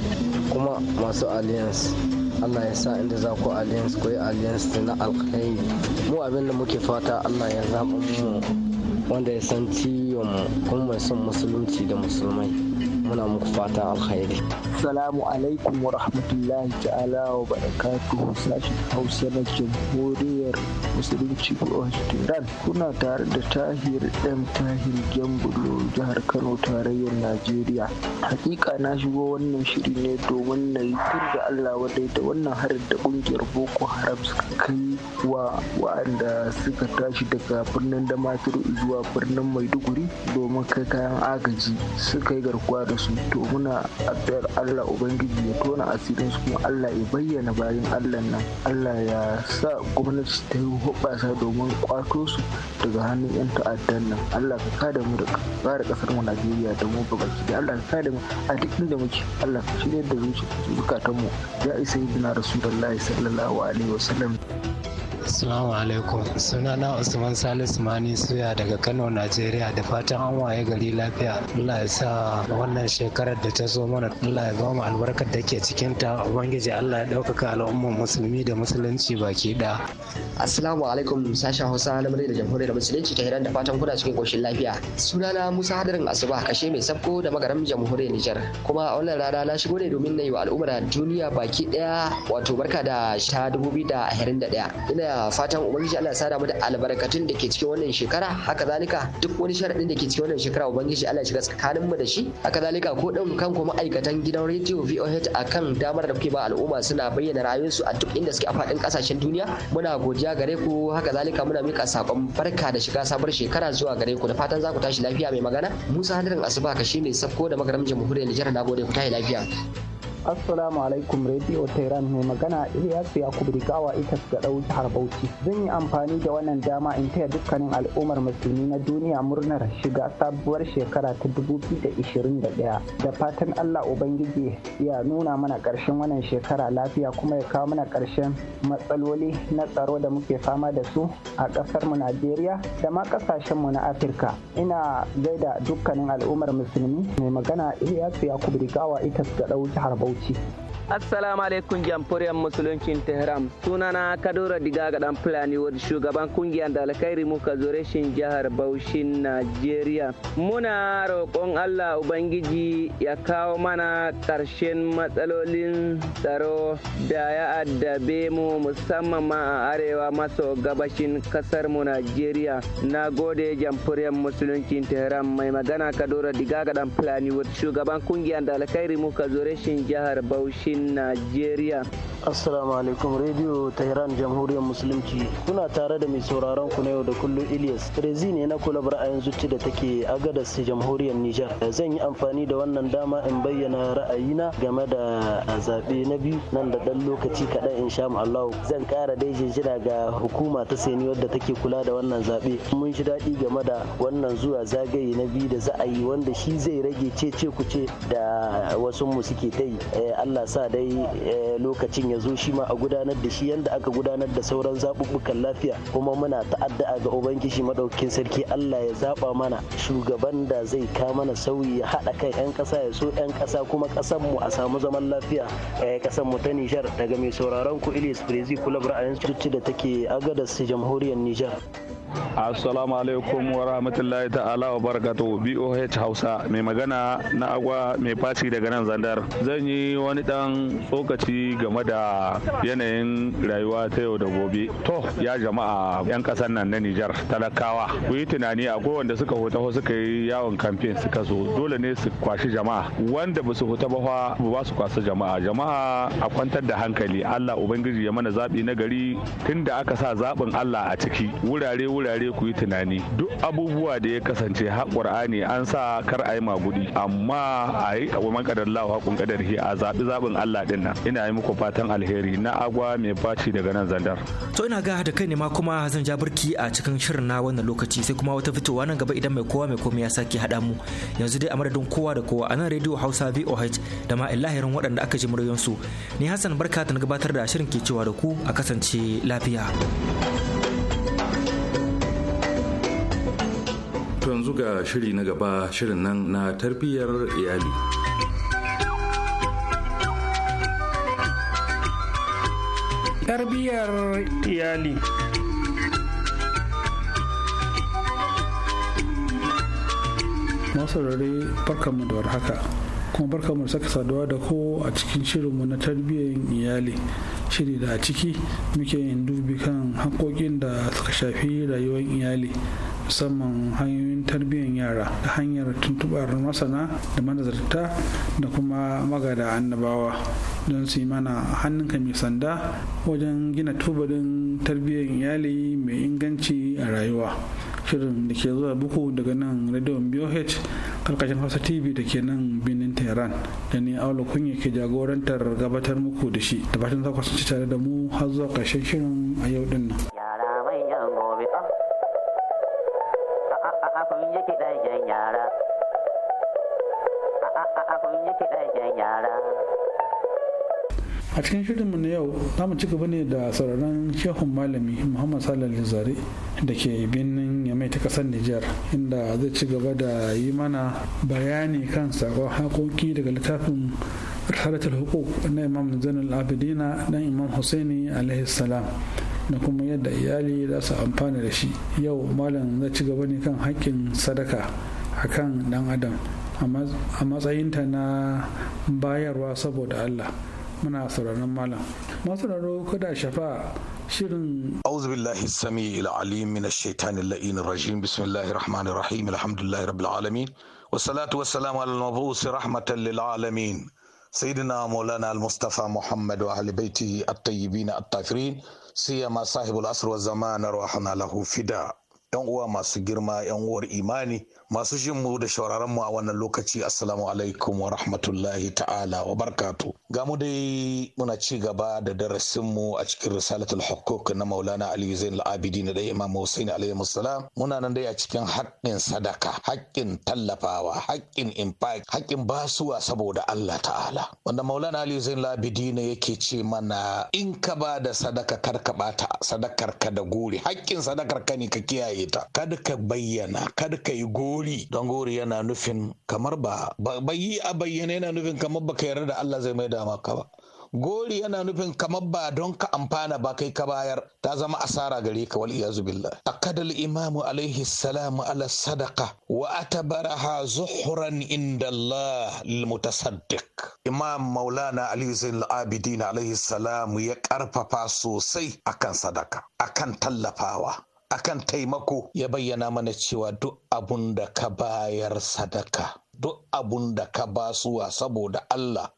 kuma masu alliance Allah ya sa inda za ku alliance ku yi alliance na alkhairi mu abin da muke fata Allah ya zaɓa mu wanda ya san ciwon kuma mai son musulunci da musulmai muna muku fatan alkhairi salamu alaikum wa rahmatullahi ta'ala wa barakatu sashen hausa na jamhuriyar musulunci ko Iran kuna tare da tahir ɗan tahir jambulo jihar kano tarayyar najeriya hakika na shigo wannan shiri ne domin na yi tun da allah wadai da wannan harin da kungiyar boko haram suka kai wa wa'anda suka tashi daga birnin damaturu zuwa birnin maiduguri domin kai kayan agaji suka yi garkuwa su to muna addu'ar Allah ubangiji ya tona asirin su kuma Allah ya bayyana bayan Allah nan Allah ya sa gwamnati ta yi hoɓasa domin kwato su daga hannun 'yan ta'addan nan Allah ka kada mu da bare kasar mu Najeriya da mu baki da Allah ka kada mu a duk inda muke Allah ka shirye da zuciyar mu ya isa yi bina rasulullahi sallallahu alaihi wasallam Assalamu alaikum. Sunana Usman Salisu Mani Suya daga Kano, Najeriya da fatan an waye gari lafiya. Allah ya sa wannan shekarar da ta zo mana Allah ya ba mu albarkar da ke cikin ta. Ubangiji Allah ya daukaka al'ummar musulmi da musulunci baki ɗaya. Assalamu alaikum sashen Hausa na Mali da Jamhuriyar Musulunci ta Iran da fatan kuna cikin koshin lafiya. Sunana Musa Hadarin Asuba kashe mai sabko da magaram Jamhuriyar Nijar. Kuma a wannan rana na shigo ne domin na yi wa al'ummar duniya baki ɗaya wato barka da ta 2021. Ina fatan ubangiji Allah ya sada mu da albarkatun da ke cikin wannan shekara haka zalika duk wani sharadin da ke cikin wannan shekara ubangiji Allah ya shiga tsakanin mu da shi haka zalika ko dan kan kuma ma'aikatan gidan rediyo VOH akan damar da kuke ba al'umma suna bayyana su a duk inda suke a faɗin kasashen duniya muna godiya gare ku haka zalika muna mika sakon barka da shiga sabar shekara zuwa gare ku da fatan za ku tashi lafiya mai magana Musa Hadirin Asuba ka shine safko da magaram jamhuriyar Nijar gode ku tashi lafiya assalamu alaikum radio tehran mai magana ilyasu yakubu rigawa ita ga ɗau jihar bauchi zan yi amfani da wannan dama in taya dukkanin al'ummar musulmi na duniya murnar shiga sabuwar shekara ta 2021 da fatan allah ubangiji ya nuna mana ƙarshen wannan shekara lafiya kuma ya kawo mana ƙarshen matsaloli na tsaro da muke fama da su a kasar mu najeriya da ma kasashen mu na afirka ina gaida dukkanin al'ummar musulmi mai magana ilyasu yakubu rigawa ita ga ɗau jihar bauchi 谢谢。Assalamu alaikum jamhuriyar Musulunci Tehran. Sunana Kadura Diga ga dan Fulani wadda shugaban kungiyar da alkhairi muka zo reshin jihar Bauchi Najeriya. Muna roƙon Allah Ubangiji ya kawo mana ƙarshen matsalolin tsaro da ya addabe mu musamman a arewa maso gabashin kasar mu Najeriya. Na gode jamhuriyar musuluncin Tehran mai magana Kadura Diga ga dan Fulani wadda shugaban kungiyar da alkhairi muka zo reshin jihar Bauchi Najeriya. Assalamu alaikum Radio Tehran Jamhuriyar Musulunci. Kuna tare da mai sauraron ku na yau da kullum Ilyas. Rezi ne na kula ra'ayin yanzu da take agadas Jamhuriyar Nijar. Zan yi amfani da wannan dama in bayyana ra'ayina game da zaɓe na biyu nan da ɗan lokaci kaɗan in sha Allah. Zan ƙara dai jira ga hukuma ta sani wadda take kula da wannan zaɓe. Mun ji daɗi game da wannan zuwa zagaye na biyu da za a yi wanda shi zai rage ce-ce ku ce da wasu mu suke ta yi. Eh, Allah sa dai eh, lokacin ya zo shi ma a gudanar da shi yanda aka gudanar da sauran zaɓuɓɓukan lafiya kuma muna ta'adda ga ubangiji madaukakin sarki Allah ya zaɓa mana shugaban da zai ka mana sauyi ya haɗa kan 'yan ƙasa ya so 'yan ƙasa kuma ƙasar mu a samu zaman lafiya eh, ƙasar mu ta Nijar daga mai sauraron ku Ilyas Brezi a ra'ayin da take agadas jamhuriyar Nijar. Assalamu alaikum wa rahmatullahi ta'ala wa barakatuh BOH Hausa mai magana na agwa mai faci daga nan zandar. Zan yi wani dan tsokaci game da yanayin rayuwa ta yau da gobe. To ya jama'a 'yan kasar nan na Nijar talakawa. Ku yi tunani a wanda suka hutaho suka yi yawon kamfen suka zo dole ne su kwashi jama'a. Wanda ba su huta ba ba su kwasa jama'a. Jama'a a kwantar da hankali Allah Ubangiji ya mana zaɓi na gari tunda aka sa zaɓin Allah a ciki wurare wurare wurare ku yi tunani duk abubuwa da ya kasance ha an sa kar a yi magudi amma a yi wa makadar lawa haƙun kadar hi a zaɓi zaɓin Allah din nan ina yi muku fatan alheri na agwa mai baci daga nan zandar. To ina ga da kai ne ma kuma zan ja birki a cikin shirin na wannan lokaci sai kuma wata fitowa nan gaba idan mai kowa mai komai ya sake haɗa mu yanzu dai a madadin kowa da kowa a nan rediyo Hausa VOH da ma illahirin waɗanda aka ji muryoyinsu ni Hassan barka ta gabatar da shirin ke cewa da ku a kasance lafiya. yanzu ga shiri na gaba shirin nan na tarbiyyar iyali tarbiyyar iyali masarare barkanmu da warhaka kuma barkanmu saka saduwa da ko a cikin shirinmu na tarbiyyar iyali shiri da a ciki muke yin dubi kan hankokin da suka shafi rayuwar iyali musamman hanyoyin tarbiyyar yara ta hanyar tuntubar masana da manazarta da kuma magada annabawa don su yi mana hannunka mai sanda wajen gina tubalin tarbiyyar iyali mai inganci a rayuwa shirin da ke zuwa buku daga nan radio BOH karkashin hausa tv da ke nan birnin tehran da ni aula kunya ke jagorantar gabatar muku da shi da fatan za ku ci tare da mu har zuwa karshen shirin a yau din nan ah, ah, ah, a cikin shirin mu na yau za mu ci gaba ne da sauraron shehun malami muhammad salal zare da ke birnin mai ta kasar Nijar inda zai ci gaba da yi mana bayani kan sakon haƙoƙi daga littafin Risalatul Hukuk na Imam Zainul Abidina dan Imam Husaini alaihi salam da kuma yadda iyali za su amfana da shi yau malam zai ci gaba ne kan haƙƙin sadaka a kan ɗan adam a matsayinta na bayarwa saboda Allah muna sauraron malam masu raro kada shafa shirin auzu billahi sami alim min shaitani la'in rajim bismillahi rahmani rahim alhamdulillahi rabbil alamin wassalatu wassalamu ala al-mabusi rahmatan lil alamin سيدنا مولانا المصطفى محمد وأهل بيته na الطاهرين سيما صاحب العصر والزمان روحنا له فداء yan uwa masu girma yan uwar imani masu jin mu da shawararren mu a wannan lokaci assalamu alaikum wa rahmatullahi ta'ala wa barkatu ga mu dai muna ci gaba da mu a cikin risalatul hukuk na maulana ali zain al-abidi na dai imam husaini alayhi musallam muna nan dai a cikin haƙƙin sadaka haƙƙin tallafawa haƙƙin impact haƙƙin basuwa saboda allah ta'ala wanda maulana ali zain al-abidi ne yake ce mana in ka ba da sadaka kar ka bata sadakar ka da gori haƙƙin sadakar ka ne ka kiyaye ta kada ka bayyana kada ka yi gori don gori yana nufin kamar ba yi a bayyana yana nufin kamar baka yarda da allah zai mai da ba gori yana nufin kamar ba don ka amfana ba kai ka bayar ta zama asara gare ka wal iyazu billah akadal imamu alaihi salamu ala sadaqa wa atabaraha zuhran inda Allah lil mutasaddiq imam maulana ali zain al-abidin alaihi salamu ya karfafa sosai akan sadaka akan tallafawa akan taimako ya bayyana mana cewa duk abun da ka bayar sadaka duk abun da ka basuwa saboda Allah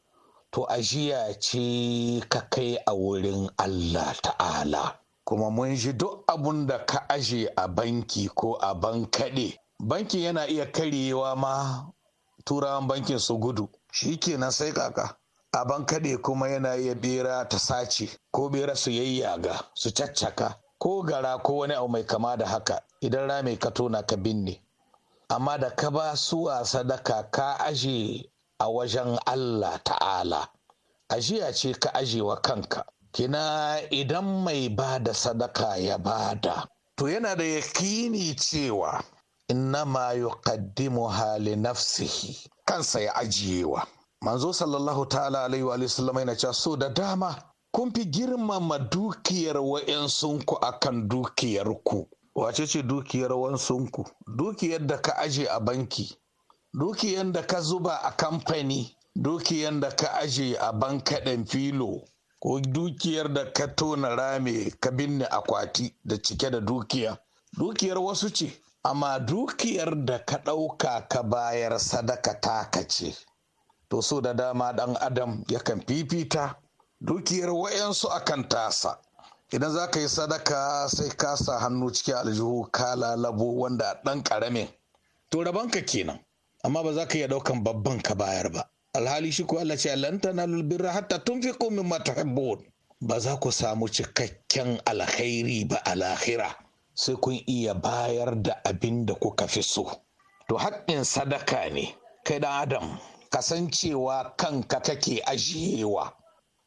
to ajiya ce ka kai a wurin Allah ta'ala kuma mun ji duk abun da ka aje a banki ko a bankaɗe banki yana iya karyewa ma turawan bankin su gudu shi kenan sai kaka a bankaɗe kuma yana iya bera ta sace ko bera su yayyaga su caccaka ko gara ko wani abu mai kama da haka idan rami ka tona ka binne amma da ka ba su a sadaka ka aje a wajen Allah ta'ala ajiya ce ka ajewa kanka kina idan mai ba da sadaka ya bada to yana da yakini cewa innama yuqaddimu hali nafsihi kansa ya ajiyewa manzo sallallahu ta'ala alaihi wa sallam yana cewa so da dama kun fi girmama dukiyar wa'yansunku akan dukiyarku wace ce dukiyar wansunku dukiyar da ka aje a banki dukiyan da ka zuba a kamfani dukiyan da ka aje a bankaɗen filo ko dukiyar da ka tona rame ka binne akwati da cike da dukiya dukiyar wasu ce amma dukiyar da ka ɗauka ka bayar sadaka taka ce to so da dama ɗan adam yakan fifita dukiyar wayansu akan tasa idan za ka yi sadaka sai ka sa hannu cikin aljihu ka lalabo wanda ɗan ƙaramin to rabanka kenan amma ba za ka iya ɗaukan babban ka bayar ba alhali shi ko Allah ce Allah tana lulbirra hatta tun fi mata ba za ku samu cikakken alkhairi ba lahira sai kun iya bayar da abin da kuka fi so to haƙƙin sadaka ne kai ɗan adam kasancewa kanka kake ajiyewa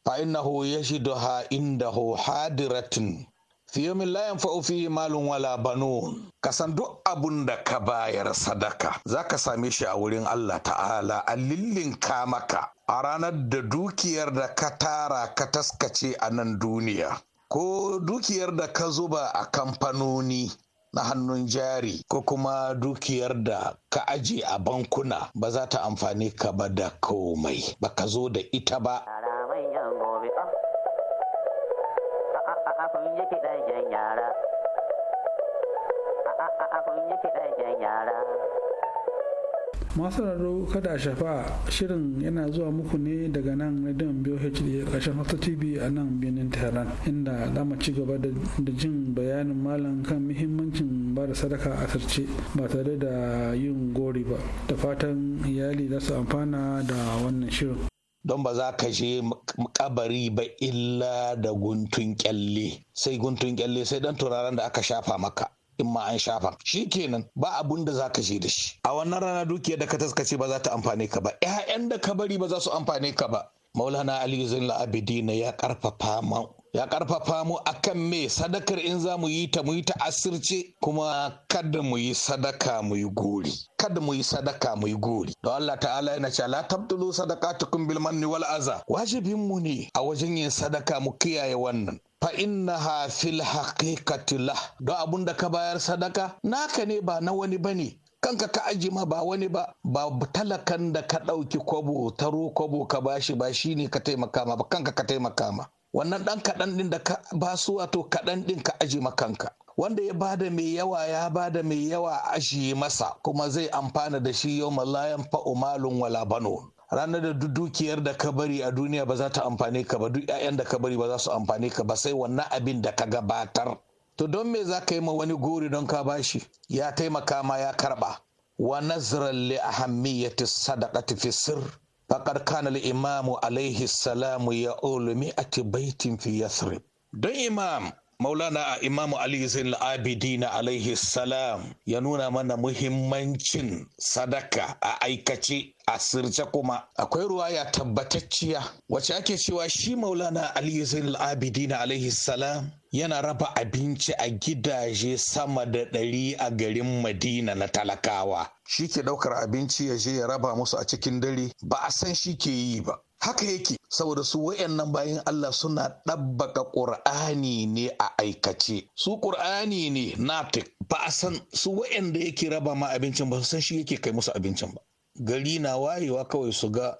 fa innahu yashiduha indahu hadiratin fiyomin layan fa'ofi malun wala banu kasan duk abun da ka bayar sadaka za ka same shi a wurin allah ta'ala a lillinka maka a ranar da dukiyar da ka tara ka taskace a nan duniya ko dukiyar da ka zuba a kamfanoni na hannun jari ko kuma dukiyar da ka aje a bankuna ba za ta amfani ka ba da komai ba ka zo da ita ba a yara masu raro kada shafa shirin yana zuwa muku ne daga nan radion BOHD a ƙarshen hoto TV a nan birnin Tehran inda za ci gaba da jin bayanin malam kan muhimmancin ba da sadaka a sarce ba tare da yin gori ba da fatan iyali za su amfana da wannan shirin. don ba za ka je kabari ba illa da guntun kyalle sai guntun kyalle sai dan turaren da aka shafa maka in ma an shafa shi kenan ba abun da za ka je da shi a wannan rana dukiyar da ka taskace ba za ta amfane ka ba yayan da ka bari ba za su amfane ka ba maulana ali zain abidina ya karfafa ya karfafa mu akan me sadakar in za mu yi ta mu yi ta asirce kuma kada mu yi sadaka mu yi gori kada mu yi sadaka mu yi gori don Allah ta'ala yana cewa la tabdulu sadaqatukum bil manni wal aza wajibin mu ne a wajen yin sadaka mu kiyaye wannan fa innaha fil haqiqati la don abun da ka bayar sadaka naka ne ba na wani bane kanka ka aji ma ba wani ba ba talakan da ka ɗauki kwabo taro kwabo ka bashi ba shine ka taimaka ma ba kanka ka taimaka ma wannan ɗan kaɗan ɗin da ka ba su wato kaɗan ɗin ka aji makanka wanda ya bada mai yawa ya bada mai yawa a ajiye masa kuma zai amfana da shi yau malayan malun wala bano ranar da dukiyar da ka bari a duniya ba za ta amfane ka ba duk 'ya'yan da ka bari ba za su amfane ka ba sai wannan abin da ka gabatar to don me za ka yi ma wani gori don ka bashi ya taimaka ma ya karba wa nazarar li ahammiyati sadaqati fi sirr فقد كان الإمام عليه السلام يقول مئة بيت في يثرب ده إمام maulana a imamu ali zin abidina alaihi salam ya nuna mana muhimmancin sadaka a aikace a sirce kuma akwai ruwaya tabbatacciya wacce ake cewa shi maulana ali zin abidina alaihi salam yana raba abinci a gidaje sama da ɗari a garin madina na talakawa shi ke ɗaukar abinci ya je ya raba musu a cikin dare ba a san shi ke yi ba haka yake saboda su wayannan bayan Allah suna ɗabbaka ƙur'ani ne a aikace su ƙur'ani ne natik ba a san su wayanda yake raba ma abincin ba su san shi yake kai musu abincin ba gari na wayewa kawai su ga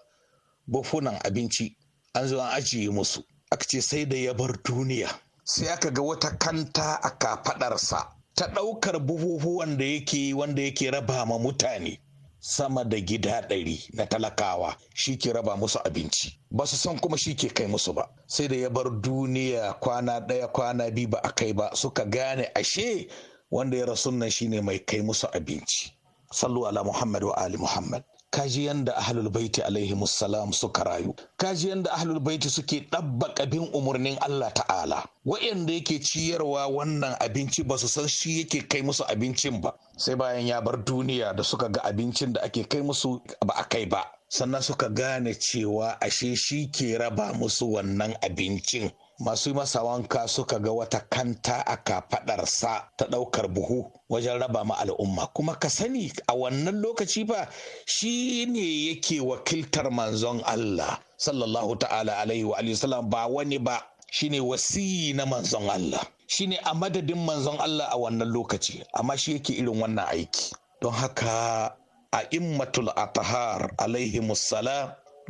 bufunan abinci an zo an ajiye musu aka ce sai da ya bar duniya sai aka ga wata kanta a kafaɗarsa ta ɗaukar buhuhuwan da yake wanda yake raba ma mutane sama da gida ɗari na talakawa shi ke raba musu abinci ba su san kuma shi ke kai musu ba sai da ya bar duniya kwana ɗaya kwana biyu ba a kai ba suka gane ashe wanda ya rasu nan shine mai kai musu abinci sallu ala muhammad wa ali muhammad kaji yanda ahlul baiti alaihi musallam suka rayu kaji yanda ahlul baiti suke ɗabbaka bin umarnin Allah ta'ala wa'anda yake ciyarwa wannan abinci ba su san shi yake kai musu abincin ba sai bayan ya bar duniya da suka ga abincin da ake kai musu ba a kai ba sannan suka gane cewa ashe shi ke raba musu wannan abincin masu masa wanka suka ga wata kanta a kafadarsa ta ɗaukar buhu wajen raba ma al'umma kuma ka sani a wannan lokaci ba shi ne yake wakiltar manzon Allah sallallahu ta'ala alaihi wa sallam ba wani ba shine wasiyi na manzon Allah shine a madadin manzon Allah a wannan lokaci amma shi yake irin wannan aiki don haka a immatul atahar alaihi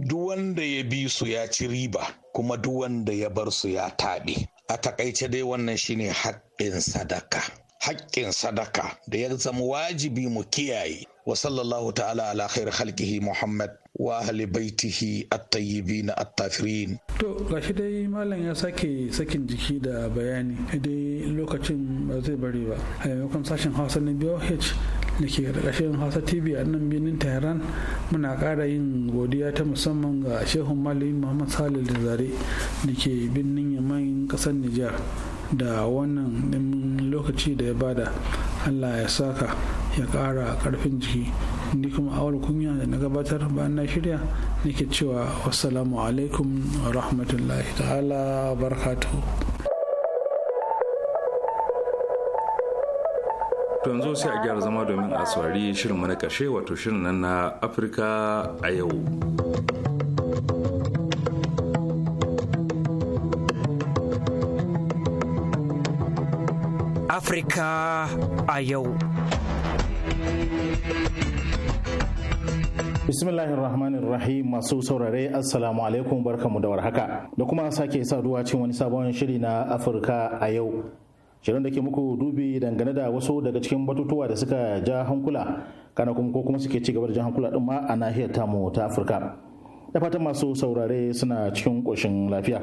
duk wanda ya bi su ya ci riba kuma duk wanda ya bar su ya taɓe a takaice dai wannan shine haƙƙin sadaka haƙƙin sadaka da ya zama wajibi mu kiyaye wa sallallahu ta'ala ala khair khalqihi muhammad wa ahli baitihi at-tayyibin at-tafirin to gashi dai malam ya sake sakin jiki da bayani dai lokacin ba zai bari ba a maimakon sashen hausa na BOH da ke ƙarƙashin hausa tv a nan birnin tehran muna ƙara yin godiya ta musamman ga shehun malami muhammad salil da zare da ke birnin yamayin ƙasar nijar da wannan lokaci da ya bada allah ya saka ya ƙara ƙarfin jiki ni kuma awal kunya da na gabatar bayan na shirya nake cewa wassalamu alaikum rahmatullahi ta'ala barakatuhu to yanzu sai a gyara zama domin a saurari shirin mana karshe wato shirin nan na afirka a yau afirka a yau Bismillahir Rahmanir Rahim masu saurare Assalamu alaikum barkamu da warhaka da kuma sake saduwa cikin wani sabon shiri na Afirka a yau shirin da ke muku dubi dangane da wasu daga cikin batutuwa da suka ja hankula kana kuma ko kuma suke ci gaba da jan hankula din ma a nahiyar tamu ta afirka da fatan masu saurare suna cikin koshin lafiya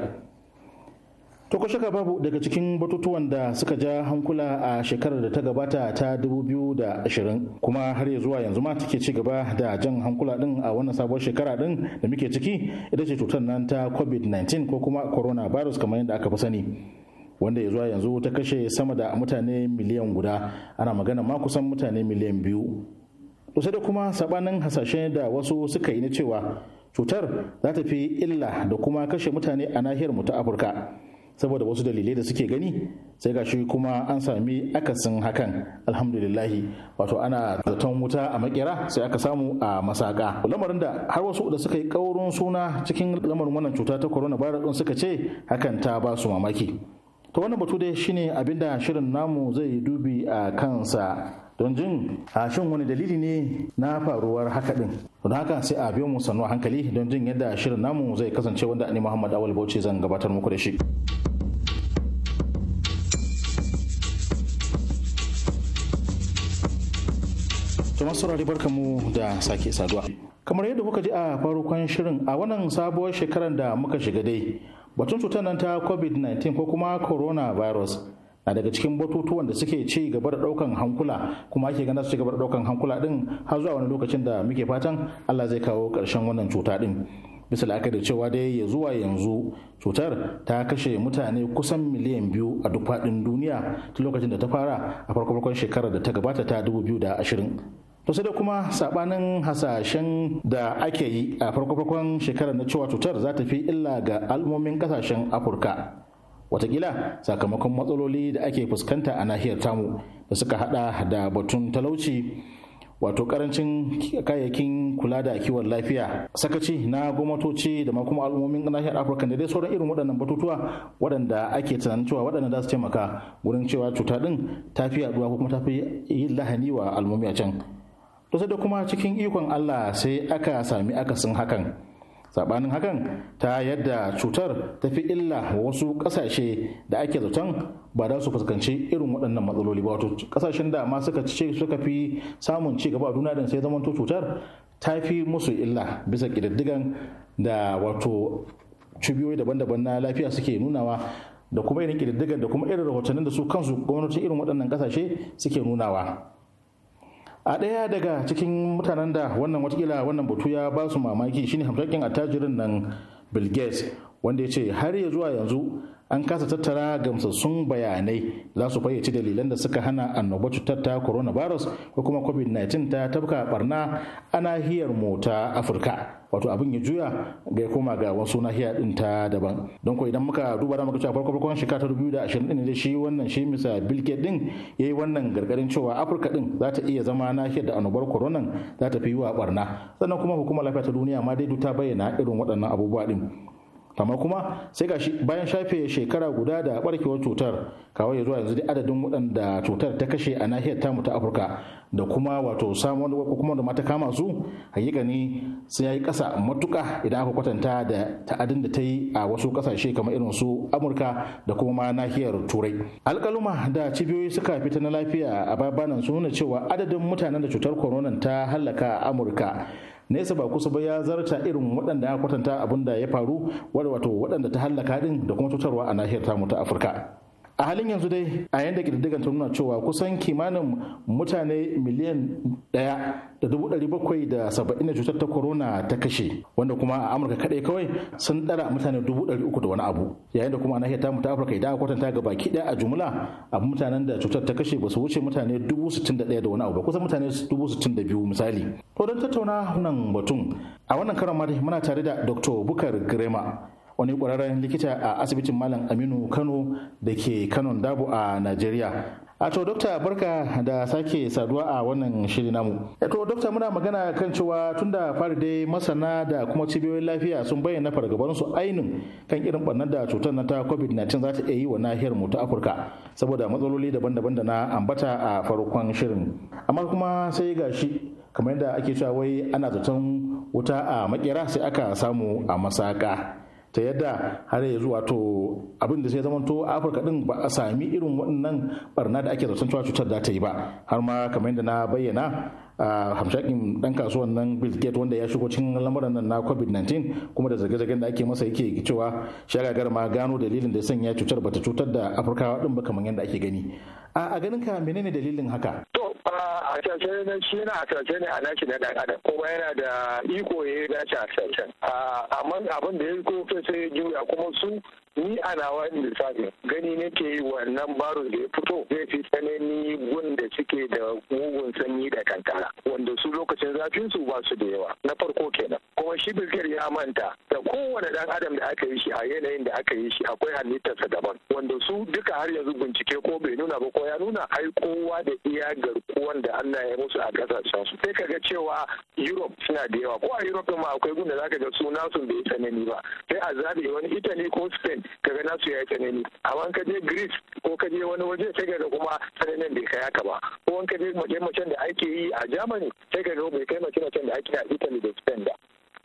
to shaka babu daga cikin batutuwan da suka ja hankula a shekarar da ta gabata ta 2020 kuma har ya zuwa yanzu ma take ci gaba da jan hankula din a wannan sabuwar shekara din da muke ciki ita ce cutar nan ta covid-19 ko kuma coronavirus kamar yadda aka fi sani wanda ya zuwa yanzu ta kashe sama da mutane miliyan guda ana magana ma kusan mutane miliyan biyu kusa da kuma sabanin hasashen da wasu suka yi na cewa cutar za ta fi illa da kuma kashe mutane a nahiyar mu ta afirka saboda wasu dalilai da suke gani sai gashi kuma an sami akasin hakan alhamdulillahi wato ana zaton wuta a makera sai aka samu a masaka lamarin da har wasu da suka yi kaurin suna cikin lamarin wannan cuta ta Corona virus suka ce hakan ta ba su mamaki to wannan batu dai shine abinda shirin namu zai dubi a kansa don jin a shin wani dalili ne na faruwar haka din don haka sai a biyo mu sannu hankali don jin yadda shirin namu zai kasance wanda ni muhammad awal bauchi zan gabatar muku da shi masaurari barka mu da sake saduwa kamar yadda kuka ji a farkon shirin a wannan sabuwar shekarar da muka shiga dai batun cutar nan ta covid-19 ko kuma coronavirus na daga cikin batutuwan da suke ci gaba da daukan hankula kuma ake ganin su ci gaba da daukan hankula din har zuwa wani lokacin da muke fatan Allah zai kawo karshen wannan cuta din bisa la'akari cewa dai ya zuwa yanzu cutar ta kashe mutane kusan miliyan biyu a duk faɗin duniya tun lokacin da ta fara a farko farkon shekarar da ta gabata ta 2020 to sai da kuma sabanin hasashen da ake yi a farko-farkon shekarar na cewa cutar za ta fi illa ga al'ummomin kasashen afirka watakila sakamakon matsaloli da ake fuskanta a nahiyar tamu da suka hada da batun talauci wato karancin kayayyakin kula da kiwon lafiya sakaci na gwamnatoci da ma kuma al'ummomin nahiyar afirka da dai sauran irin waɗannan batutuwa waɗanda ake tunanin cewa waɗanda za su taimaka wurin cewa cuta ɗin ta fi yaduwa ko kuma ta fi yin lahani wa al'ummomi a can to da kuma cikin ikon Allah sai aka sami akasin hakan sabanin hakan ta yadda cutar ta fi illa wa wasu kasashe da ake zaton ba za su fuskanci irin waɗannan matsaloli ba wato kasashen da ma suka ce suka fi samun ci gaba a duniya sai zamanto cutar ta fi musu illa bisa kididdigan da wato cibiyoyi daban-daban na lafiya suke nunawa da kuma irin kididdigan da kuma irin rahotannin da su kansu gwamnatin irin waɗannan kasashe suke nunawa a ɗaya daga cikin mutanen da wannan watakila wannan batu ya ba su mamaki shine hamsakin attajirin nan bill wanda ya ce har ya zuwa yanzu an kasa tattara gamsassun bayanai za su fayyace dalilan da suka hana annobar cutar ta coronavirus ko kuma covid-19 ta tabka barna a nahiyar mu ta afirka wato abin ya juya ga ya koma ga wasu nahiyar din ta daban don ko idan muka duba da muka cewa farko farkon shekara ta 2020 din da shi wannan shi misa Bill Gates din yayi wannan gargadin cewa Afirka din za ta iya zama nahiyar da annobar corona za ta fi wa barna sannan kuma hukumar lafiya ta duniya ma dai ta bayyana irin waɗannan abubuwa din amma kuma sai ga bayan shafe shekara guda da barkewar cutar kawai ya zuwa yanzu da adadin waɗanda cutar ta kashe a nahiyar tamu ta afirka da kuma wato samun wani kuma da mata kama su hakikani ne ya yi ƙasa matuƙa idan aka kwatanta da ta'adin da ta yi a wasu kasashe kamar irin su amurka da kuma nahiyar turai alƙaluma da cibiyoyi suka fita na lafiya a babanan sun nuna cewa adadin mutanen da cutar koronan ta hallaka a amurka nesa ba kusa ba ya zarta irin waɗanda ya kwatanta abin da ya faru wato waɗanda ta hallaka din da kuma cutarwa a nahiyar tamu ta afirka a halin yanzu dai a yanda ƙididdigan ta nuna cewa kusan kimanin mutane miliyan ɗaya da dubu ɗari bakwai da saba'in da cutar ta corona ta kashe wanda kuma a amurka kaɗai kawai sun ɗara mutane dubu ɗari uku da wani abu yayin da kuma a nahiyar tamu ta afirka idan aka kwatanta ga baki ɗaya a jumla a mutanen da cutar ta kashe ba su wuce mutane dubu sittin da ɗaya da wani abu ba kusan mutane dubu sittin da biyu misali to don tattauna nan batun a wannan karan ma muna tare da dr bukar grema wani ƙwararren likita a asibitin malam aminu kano da ke kanon dabo a najeriya a to dokta barka da sake saduwa a wannan shiri namu to dokta muna magana kan cewa tun da fari dai masana da kuma cibiyoyin lafiya sun bayyana fargabar su ainin kan irin barnar da cutar na ta covid-19 za ta yi wa nahiyar mu ta afirka saboda matsaloli daban-daban da na ambata a farkon shirin amma kuma sai gashi kamar yadda ake cewa wai ana zaton wuta a makera sai aka samu a masaka ta yadda har ya zuwa to abin da zai zama to afirka din ba a sami irin waɗannan barna da ake zaton cewa cutar da ta yi ba har ma kamar yadda na bayyana a hamshakin dan kasuwan nan bill gate wanda ya shigo cikin lamuran nan na covid-19 kuma da zarge-zargen da ake masa yake cewa shagagar ma gano dalilin da sanya cutar bata cutar da afirkawa din ba kamar yadda ake gani a ganin ka menene dalilin haka a cancan na shi yana cancan ne a nashi na dan adam kuma yana da iko ya yi a cancan ah, amma abin da ya yi ko sai juya kuma su ni a nawa misali gani nake yi wannan baro da ya fito zai fi tsanani gun da suke da mugun sanyi da kankara wanda su lokacin zafin su ba su da yawa na farko kenan kuma shi bilkir ya manta da kowane dan adam da aka yi shi a yanayin da aka yi shi akwai halittarsa daban wanda su duka har yanzu bincike ko bai nuna ba ko ya nuna ai kowa da iya garkuwan da Allah ya musu a kasashen su sai kaga cewa Europe suna da yawa ko a Europe ma akwai gun da zaka ga su nasu bai tsanani ba sai a zabe wani Italy ko Spain ka ga nasu ya yi tsanani amma ka je greece ko ka je wani waje sai da kuma tsananin bai kai haka ba ko wanka ka je mace-macen da ake yi a germany sai da bai kai mace-macen da ake a italy da spain ba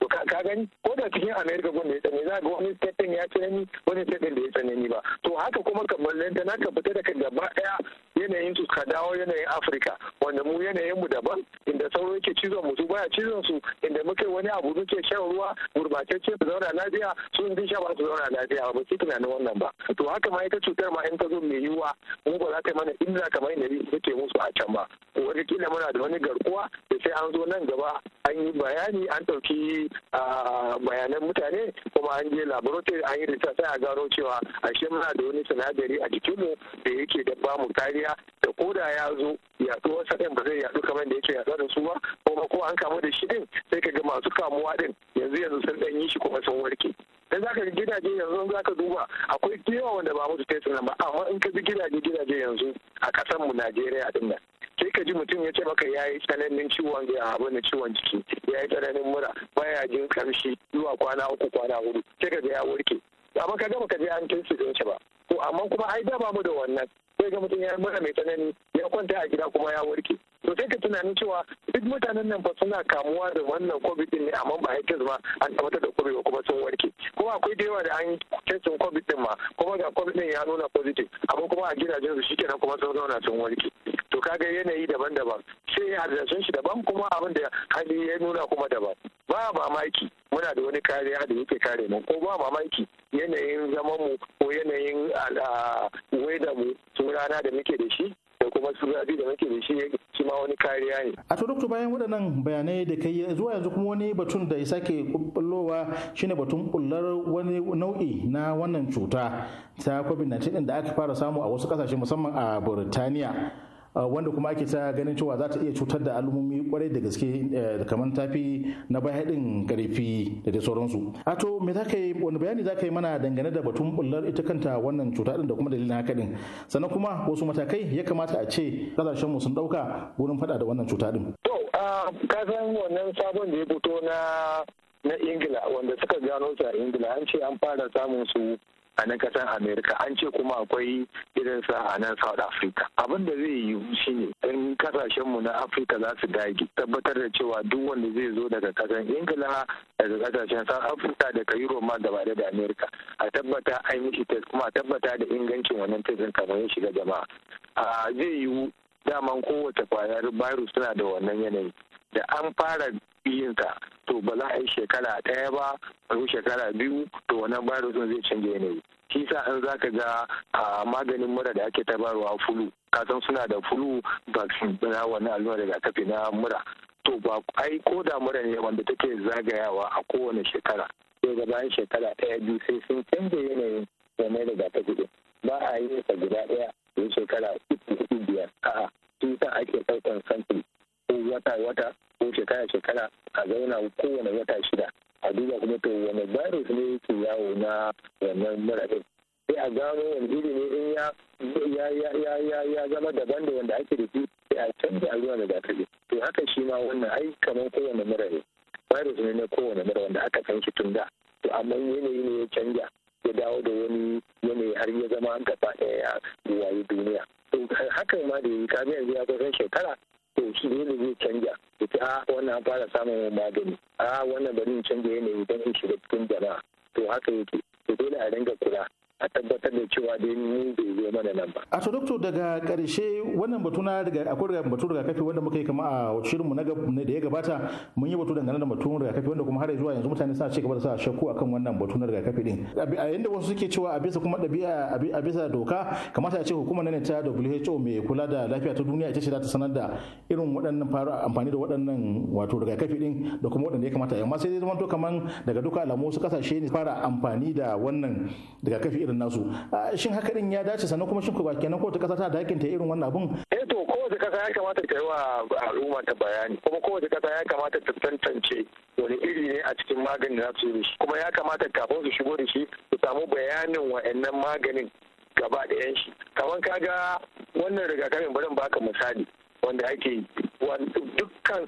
ka gani ko da cikin america gun da ya tsanani za ga wani ya tsanani wani state da ya tsanani ba to haka kuma kamar lanta na ka fita daga gaba daya yanayin su ka dawo yanayin afirka wanda mu yanayin mu daban inda sauro yake cizon mu baya cizon su inda muke wani abu muke shan ruwa gurbatacce su zauna lafiya su sun sha ba su zauna lafiya ba su tunanin wannan ba to haka ma ita cutar ma in ta zo mai yiwuwa mu ba za ta mana illa kamar yadda muke musu a can ba wani kila muna da wani garkuwa da sai an zo nan gaba an yi bayani an ɗauki a bayanan mutane kuma an je laboratory an yi rita sai a gano cewa ashe muna da wani sinadari a jikinmu da yake da mu kariya da koda ya zo yaduwar sa ba zai yadu kamar da yake yaduwa da su ba kuma ko an kamu da shi din sai ka ga masu kamuwa din yanzu yanzu sun dan yi shi kuma sun warke dan za ka gidaje yanzu za ka duba akwai yawa wanda ba musu tesin nan ba amma in ka bi gidaje gidaje yanzu a kasar mu Najeriya din nan sai ka ji mutum ya ce maka ya yi tsananin ciwon ya na ciwon jiki ya yi tsananin mura baya jin karshe zuwa kwana uku kwana hudu sai ka ya warke amma ka gama ka je an tunsu din ba to amma kuma ai da bamu da wannan sai ga mutum ya mura mai tsanani ya kwanta a gida kuma ya warke to sai ka tunanin cewa duk mutanen nan fa suna kamuwa da wannan covid din ne amma ba haikis zuma an tabbatar da covid kuma sun warke kuma akwai da yawa da an testin covid din ma kuma ga covid din ya nuna positive amma kuma a gidajen su kenan kuma sun zauna sun warke to kaga yanayi daban-daban sai ya harzarsun shi daban kuma abin da hali ya nuna kuma daban ba mamaki muna da wani kariya da yake kare mu ko ba mamaki yanayin zaman mu ko yanayin weda mu sun rana da muke da shi da kuma su zafi da muke da shi shi ma wani kariya ne. A to doktor bayan waɗannan bayanai da kai zuwa yanzu kuma wani batun da isa ke kullowa shine batun kullar wani nau'i na wannan cuta ta COVID-19 da aka fara samu a wasu kasashe musamman a Burtaniya. Eh, wanda kuma ake ta ganin cewa za ta iya cutar da al'ummomi kwarai da gaske eh, kamar tafi na baya din karfi da dai sauransu a to me za ka yi wani bayani za ka yi mana dangane da batun bullar ita kanta wannan cuta din da kuma dalilin haka din sannan kuma wasu matakai ya kamata a ce kasashen mu sun dauka wurin fada da wannan cuta din to ah, ka san wannan sabon da ya fito na na ingila wanda suka gano su a ingila an ce an fara samun su a nan kasar america an ce kuma akwai irinsa a nan south africa abin da zai yiwu shine in kasashenmu na afirka za su dage tabbatar da cewa duk wanda zai zo daga kasar ingila daga kasashen south africa daga europe ma gaba da america a tabbata ai mishi test kuma a tabbata da ingancin wannan test kamar ya shiga jama'a zai yiwu daman kowace kwayar virus suna da wannan yanayi da an fara yinta to ba za a yi shekara ɗaya ba a yi shekara biyu to wannan virus zai canza yanayi shi sa an za ka ga a maganin mura da ake tabarwa fulu kasan suna da fulu vaccine na allura daga kafin na mura to ba ai ko da mura ne wanda take zagayawa a kowane shekara sai ga bayan shekara ɗaya biyu sai sun canza yanayin da rigakafi din ba a yi sa guda ɗaya da shekara uku hudu biyar a'a sun sa ake ɗaukan sample ko wata-wata ko shekara-shekara a zauna kowane wata shida a duba kuma to wani virus ne ke yawo na wannan mura sai a gano wani iri ne in ya zama daban da wanda ake da shi sai a canza a zuwa rigakafi to haka shi ma wannan ai kamar kowane mura ne virus ne na kowane mura wanda aka san shi tun da to amma yanayi ne ya canja ya dawo da wani yanayi har ya zama gaba ɗaya ya wayi duniya to hakan ma da yi kamiyar ya kusan shekara to shi ne zai canja ita a ah, wannan an fara samun magani a ah, wannan bari in canja yanayi don in shiga cikin jama'a to haka yake to dole a dinga kula a tabbatar da cewa dai mu bai zo mana nan ba. A to doctor daga karshe wannan batu na daga akwai daga batu daga kafi wanda muka yi kama a shirin shirinmu na da ya gabata mun yi batu dangane da batun daga kafi wanda kuma har zuwa yanzu mutane suna cigaba da sa shakku akan wannan batu na daga kafi din. A yanda wasu suke cewa a bisa kuma ɗabi'a a bisa doka kamata a ce hukumar nan ta WHO mai kula da lafiya ta duniya ita ce za ta sanar da irin waɗannan fara amfani da waɗannan wato daga kafi din da kuma waɗanda ya kamata amma sai dai zama to kaman daga duka alamu wasu kasashe ne fara amfani da wannan daga kafi irin nasu shin haka din ya dace sannan kuma shin ba kenan kowace kasa ta da ta irin wannan abun eh to kowace kasa ya kamata ta yi wa al'umma ta bayani kuma kowace kasa ya kamata ta tantance wani iri ne a cikin maganin da su yi kuma ya kamata kafin su shigo da shi su samu bayanin wa'annan maganin gaba da yanshi shi kamar kaga wannan rigakafin bari baka misali wanda ake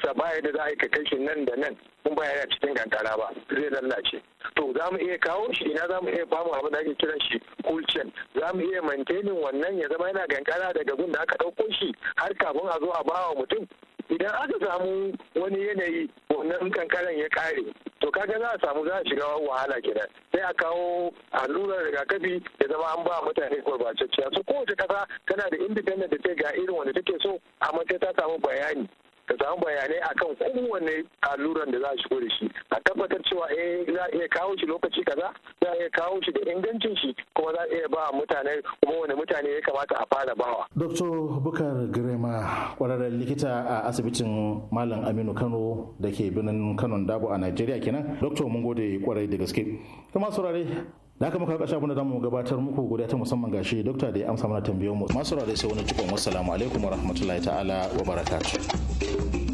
sa baya da za a yi ka kai shi nan da nan kun baya yana cikin kankara ba zai lallace to za mu iya kawo shi ina za mu iya bamu abin da ake kiran shi cool chain za mu iya maintaining wannan ya zama yana kankara daga gun da aka ɗauko shi har kafin a zo a bawa mutum idan aka samu wani yanayi wannan kankaran ya ƙare. to kaga za a samu za a shiga wahala kenan sai a kawo allurar rigakafi ya zama an ba mutane gurbatacciya su kowace kasa tana da independent da ta ga irin wanda take so amma sai ta samu bayani ka samu bayanai akan kowane alluran da za a shigo da shi a tabbatar cewa eh za a iya kawo shi lokaci kaza za a iya kawo shi da ingancin shi kuma za a iya ba mutane kuma wani mutane ya kamata a fara bawa. Dr. Bukar Girma kwararren likita a asibitin Malam Aminu Kano da ke birnin Kano Dabo a Najeriya kenan. Dr. mun gode kwarai da gaske. Kuma saurare da aka muka kasa kuna mu gabatar muku godiya ta musamman gashi dokta da ya amsa mana tambayoyin mu masu rada sai wani cikon wassalamu alaikum warahmatullahi ta'ala wa barakatuh